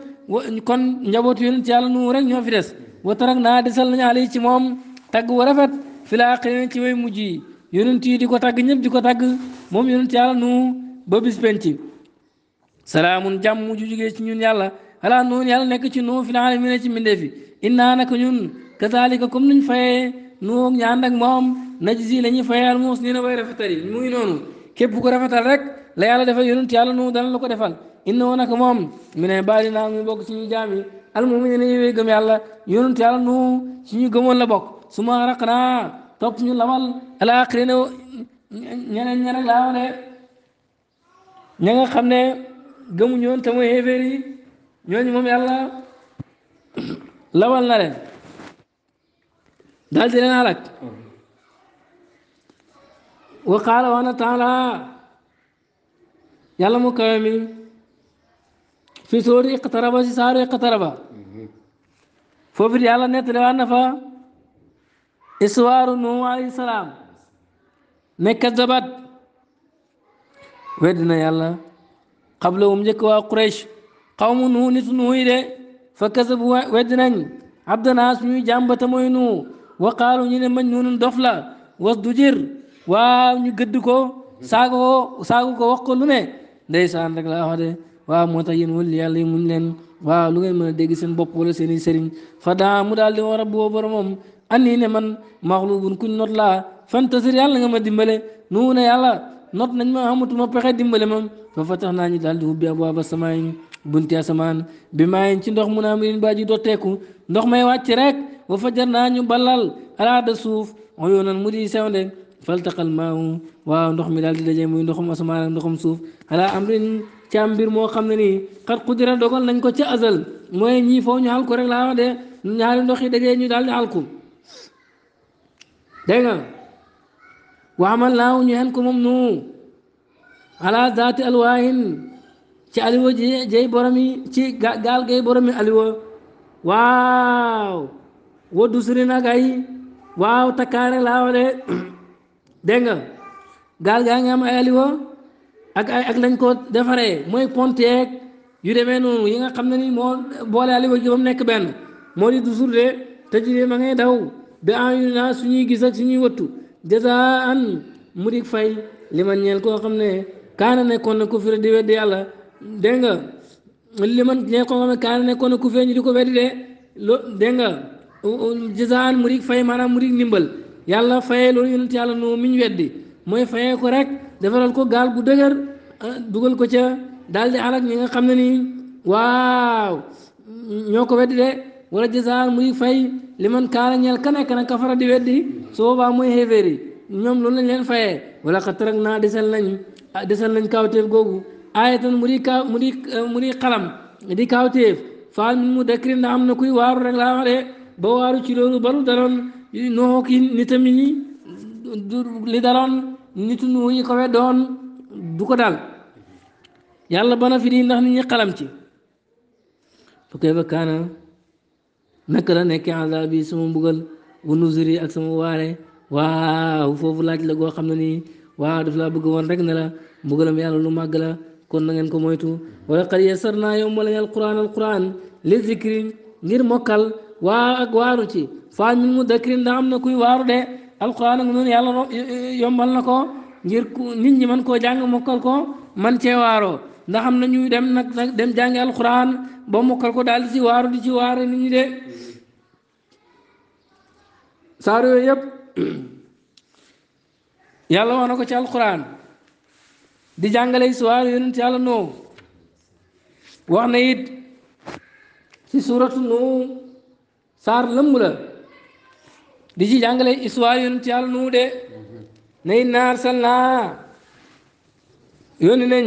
kon njabootu yonent ci yàlla nu rek ñoo fi des wa tarak naa desal nañu àll ci moom tagg wa rafet fi laa xëy ci way mujj yi yonent di ko tagg ñëpp di ko tagg moom yonent ci yàlla nu ba bis salaamun jàmm ju jugee ci ñun yàlla alaa noonu yàlla nekk ci nuu fil aalamiina ci mbindee fi innaa naka ñun kazaalika comme nuñ fayee nuwoog ñu ànd ak moom najzi la ñuy fayee al muus nii na way rafetal yi muy noonu képp ku rafetal rek la yàlla defal yonent yàlla nuu dana la ko defal innoo naka moom mi ne baali naa mu bokk ci ñu jaam yi al mu'miniina ñu wéy gëm ti yonent yàlla nuu ci ñu gëmoon la bokk suma ma raq naa topp ñu lamal al aaxiriina ñeneen ña laa wax de ña nga xam ne gëmu ñoon te mooy xéeféer yi ñooñu moom yàlla lawal na leen daal di leen alak wa qaala wa taala yàlla mu kawe mi fi sóori iqtaraba si saaru iqtaraba foofu it yàlla nettali waat na fa iswaaru nuhu alayhi salaam ne kadabat wedd na yàlla قبلهم ذك وقريش قوم نو نتنويده فكذب ودنن عبد الناس مي جامبت موينو وقالوا ني من نون دفلا وذجر وا ني گدكو ساغو ساغو كو وخو لو ني ديسان لك لا وخدي وا متين ولي الله من لن وا لو ما دغ سن بوب ولا سن سيرين فدا مو دال دي ورب بو برموم اني ني من مغلوب كن نوت لا فانتظر يالله ما ديمبل نونا يالله نوت نن ما حمتو ما فخ ديمبل مام ba fa tax naa ñu daal di ubbi abwaaba samaayin bunti asamaan bi maayin ci ndox mu naa miin baa ndox may wàcc rek ba fa jar naa ñu balal alaada suuf uyuunan mu di sewnde faltaqal maahu waaw ndox mi daal di daje muy ndoxum asamaan ak ndoxum suuf ala amrin ci am mbir moo xam ne nii xat qudira dogal nañ ko ci azal mooy ñii foofu ñu xalku rek laa wax de ñaari ndox yi dajee ñu daal di xalku dégg nga waamal laaw ñu hen moom nu ala zaati alwaahin ci aliwa jey boromi ci gaal gay boromi aliwa waaw wa dusri na gay waaw takkaare laawale dégg nga gaal gaa ngi am ay aliwa ak ay ko defaree mooy ponteeg yu demee noonu yi nga xam ne ni moo boole aliwa ji ba nekk benn moo di dusur de te juree ma ngay daw bi en yu naa suñuy gis ak suñuy wëttu jazaan mu dik fay liman ñeel koo xam ne kaana nekkoon na ku firi di weddi yàlla dégg nga li man ko xam ne kaana nekkoon na ku firi ñu di ko weddi de loo dégg nga jazaan murik fay maanaam murik ndimbal yàlla fayee loolu yonent yàlla noo miñ weddi mooy fayee ko rek defaral ko gaal gu dëgër ah, dugal ko ca daal di alak nga xam ne nii waaw ñoo ko weddi de wala jazaan murik fay li man kaana ñeel ka nekk na kafara di weddi su boobaa mooy xéeféer yi ñoom loolu lañ leen fayee wala xa tarak naa desal nañ ah, desal nañ kawteef googu aayatan mu di mu di eh, mu di xalam faal min mu dakri ndax am na kuy waaru rek ba waaru ci loolu balu daloon noo ki nitam yi li daloon nitu nu yi ko we doon du ko dal yàlla bana fi di ndax nit ñi xalam ci bu koy ba kaana naka la nekkee azaabi sama mbugal wa nuzuri ak sama waare waaw foofu laaj la goo xam ne nii waaw daf laa bëgg woon rek ne la mbugalam yàlla lu màgg la kon na ngeen ko moytu wala qad yassarnaa yombalal alquran alquran li zikri ngir mokkal waaw ak waaru ci faa min mu dakkirin da am na kuy waaru de alquran ak noonu yàlla yombal na ko ngir nit ñi mën koo jàng ko man ce waaroo ndax am na ñuy dem nag nag dem jàngi alquran ba mokkal ko daal di ci waaru di ci waaru nit ñi de saar yooyu yëpp yàlla wax na ko ci alquran di jàngale histoire yonent yàlla noo wax na it ci suuratu nuu saar lëmb la di ci jàngale histoire yonent yàlla nuu de nay naar sal naa yónni nañ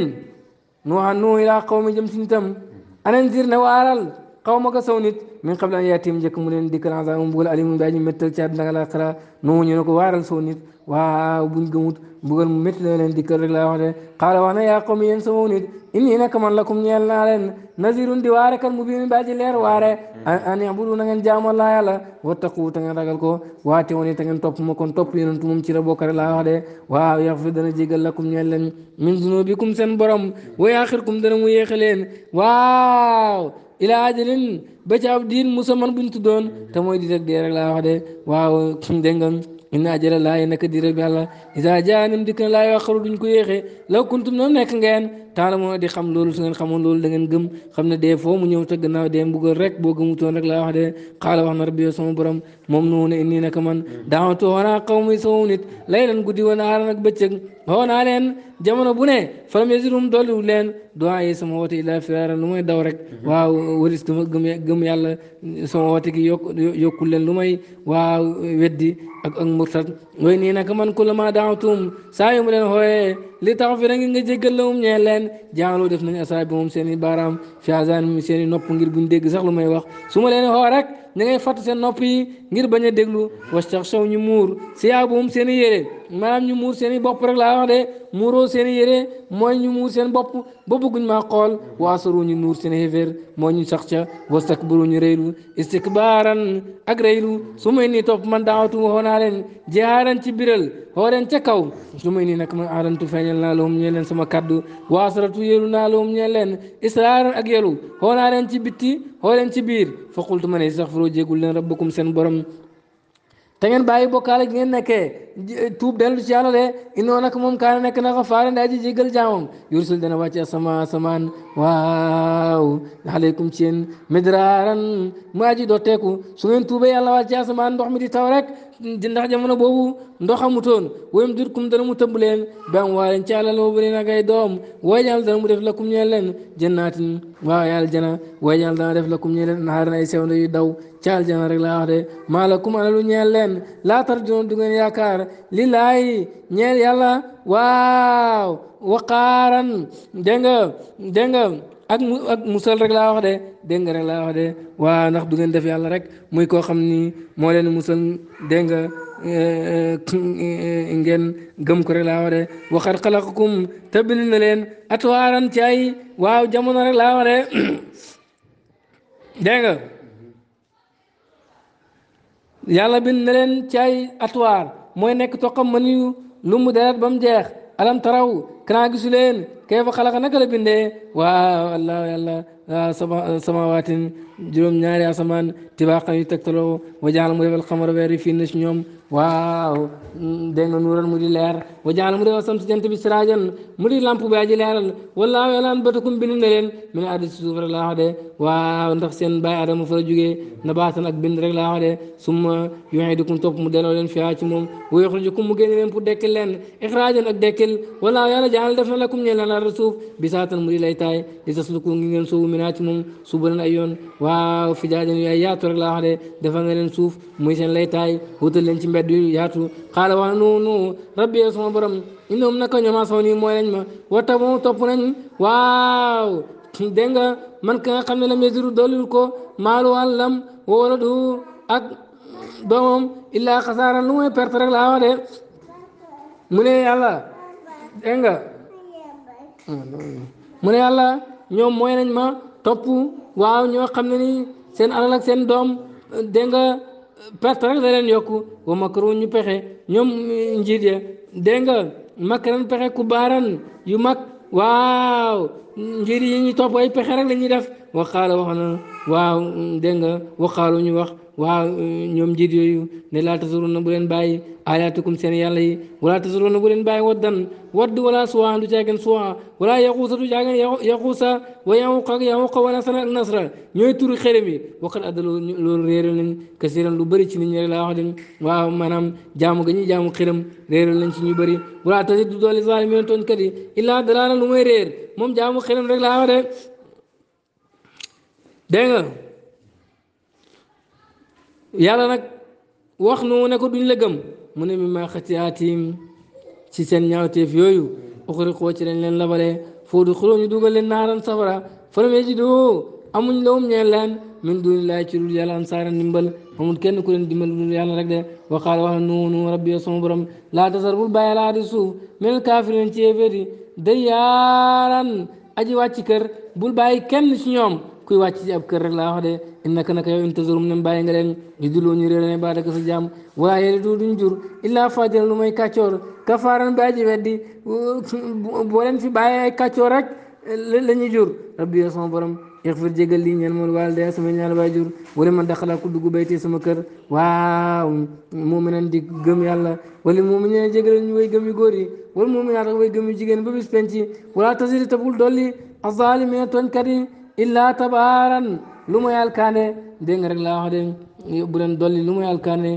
nu an nuu ilaa xaw ma jëm si nitam anandir ne waaral xaw ma ko min xam an yaatihim njëkk mu leen dikkal azaabun mbugal aliimun daañu méttal ci àddina ak laaxira noonu ñu ne ko waaral soo nit waaw buñ gëmut mbugal mu métti na leen dikkal rek laa wax de xaala wax na yaa qawmi yéen sama nit inni naka man lakum ñeel naa leen nazirun di waare kan mubiin baa ji leer waare an ibudu na ngeen jaamu laa yàlla wattaqu te ngeen ragal ko waate woon te topp ma kon topp yonentu moom ci la bokk rek laa de waaw yaxfir dana jégal lakum ñeel leen min zunubikum seen borom wa yaaxirkum dana mu ilaa ajalin ba ci ab diin musamman buñ doon te mooy di rek dee rek laa wax de waaw dégg nga inna ajala laa ye naka di rek yàlla isa jaanim dikk na laa yoo xaru duñ ko yéexee law kuntum na nekk ngeen taalamoon di xam loolu su ngeen xamoon loolu da ngeen gëm xam ne dee foo mu ñëw te dee mbugal rek boo gëmutoon rek laa wax de wax na rabbi yow sama borom moom nu ne nii naka man daawatu xoonaa xaw muy sama nit lay lan guddi woon aara nag bëccëg xoonaa leen jamono bu ne faram yasirum lu may daw rek waaw walis man ku ma daawatuum saa yu mu leen xooyee li tax fi rek nga jéggal la moom ñee leen jaaloo def nañu asaay bi moom seen i baaraam fi azaan mi i nopp ngir buñ dégg sax lu may wax su ma leen xoo rek ñu ngay fatt seen nopp yi ngir bañ a déglu wastax sow ñi muur si yaa seeni moom yére maanaam ñu muur seen i bopp rek laa wax de muuroo seen i yére mooy ñu muur seen bopp ba bëgguñ maa xool waasaru ñu nuur seen i xéeféer mooy ñu sax ca wastakbaru ñu reylu istikbaaran ak reylu su may nii topp man daawatu waxoo naa leen jihaaran ci biral xoo leen ca kaw su may nii nag man aarantu feeñal naa lahum ñeel leen sama kaddu waasaratu yelu naa lahum ñeel leen israaran ak yelu xoo naa leen ci bitti xoo leen ci biir fa qultu ma ne sax faroo jéegul leen rabbakum seen borom te ngeen bàyyi bokkaale gi ngeen nekkee tuub dellu ci yàlla de inoo nag moom kaana nekk na xafaaran daa ji jégal jaamam yursul dana wàcc asama asamaan waaw aleykum ci yéen midraaran mu aji dooteeku su ngeen tuubee yàlla wàcc asamaan ndox mi di taw rek ndax jamono boobu ndox amutoon wayum dir kum dana mu tëbb leen bam waa leen ci na boobu leen ak doom way jàll dana mu def la kum ñeel leen jannaatin waaw yàlla jana way jàll dana def la kum ñeel leen naxaaran ay sewnde yu daw ci aljana rek laa wax de maa la du ngeen yaakaar li laay ñeel yàlla ak mu musal rek laa wax de dégg nga rek laa wax de waa ndax du ngeen def yàlla rek muy koo xam ni moo leen musal dégg nga eh, eh, ngeen gëm ko rek laa wax de waxat xalaqakum te bind na leen atwaaran ci ay waaw jamono rek la wax de dégg nga yàlla bind na leen ci ay atwaar mooy nekk toqam mënuyu lu mu deret ba mu jeex alam taraw kanaa gisu leen kay fa xalaqa naka la bindee waaw allah yàlla waaw sama samawaatin juróom ñaari asamaan tibaaxan yu tegtaloo wajaal mu defal xamara weer yi fii na si ñoom waaw mm, dégg nga nuuran mu di leer wa jaala mu a samsi jant bi siraajan mu di lamp bi aji leeral wallaahu yàlla anbatakum bind na leen min ardi si suuf rek laa wax de waaw ndax seen baay adama fa la jógee nabaatan ak bind rek laa wax de summa yuidukum topp mu delloo leen fiyaa ci moom wa yuxrijukum mu génne leen pour dekkil leen ixraajan ak dekkil wallaahu yàlla jaala def na lakum ñeen leen arda suuf bisaatan mu di lay di tasluku ngi ngeen soowu minaa ci moom subalan ay yoon waaw fijaajan yu de defal leen suuf muy seen lay taay mbedd yu yaatu xaala wax nu nu rabbi sama borom indoom naka ñooma saw nii mooy lañ ma wata moom topp nañ waaw dégg nga man ka nga xam ne la mesiru dolliwul ko maalu wàllam doomam illaa xasaara lu mooy perte rek laa de mu ne yàlla dégg nga mu mooy nañ ma topp waaw ñoo xam ne ni seen alal ak seen doom dégg perte rek da leen yokku wa makaru ñu pexe ñoom njiit ya dégg nga makaran pexe ku baaran yu mag waaw njiit yi ñu topp ay pexe rek la ñuy def waxaala wax na waaw dégg nga waxaalu ñu wax waa euh, ñoom njiit yooyu ne laa tasuruna bu leen bàyyi aayaatukum seen yàlla yi wala tasuruna bu leen bàyyi waddan wadd wala suwa du caageen suwa wala yaxuusa du caageen yaxuusa wa yaxuqa yaxuqa wa nasra ak nasra ñooy turu xërëm yi waxat adda loolu réeral nañ kasiran lu bëri ci nit ñi rek laa wax de waaw maanaam jaamu ga ñuy jaamu xërëm réeral ci ñu bëri wala tasit du doole zaalimiin tooñkat yi illaa dalaala moom jaamu xërëm rek laa wax de dégg yàlla nag wax nu ne ko duñ la gëm mu ne mi ma xatiyaatiim ci seen ñaawteef yooyu uxriqoo ci lañ leen labale foo du xuloo ñu dugal leen naaran safara faramee ji doo amuñ lawum ñeen leen min duni laay ci dul yàlla ansaara ndimbal amul kenn ku leen dimbal dul yàlla rek de waxaal wax nu nu rabbi sama borom laa tasar bul bàyyi laa di suuf mel kaafirin ci day yaaran aji wàcc kër bul bàyyi kenn ci ñoom kuy wàcc ci ab kër rek laa wax de innaka naka yow intazarum nem bàyyi nga leen di duloo ñu réerane ba dëkk sa jàmm waaye du duñ jur illaa fajiran lu may kàccoor kafaaran bàyyi weddi boo leen fi bàyyi ay kàccoor rek la ñuy jur rabbi yow sama borom ixfir jégal lii ñeen mool waal de sama ñaar baay jur wala man daxalaa ku dugg baytee sama kër waaw muminan di gëm yàlla wala mumineen jégal ñu way gëm yu góor yi wala muminaat ak way gëm yu jigéen ba a penc wala tasiri tabul dolli azaalimina illaa tabaaran lu mooy alkaane dégg nga rek laa wax de bu leen dolli lu mooy alkaane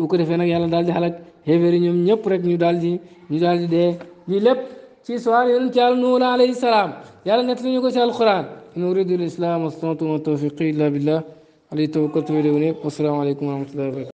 bu ko defee nag yàlla daal di xalak xéeféeri ñoom ñëpp rek ñu daal di ñu daal di dee lii lépp ci soir yonent ci yàlla nuuh alayhi salaam yàlla nett nañu ko ci alquran in uridu lislam astantu ma tawfiqi illa billah alayhi tawakkaltu wa ilayhi unib wassalaamu aleykum wa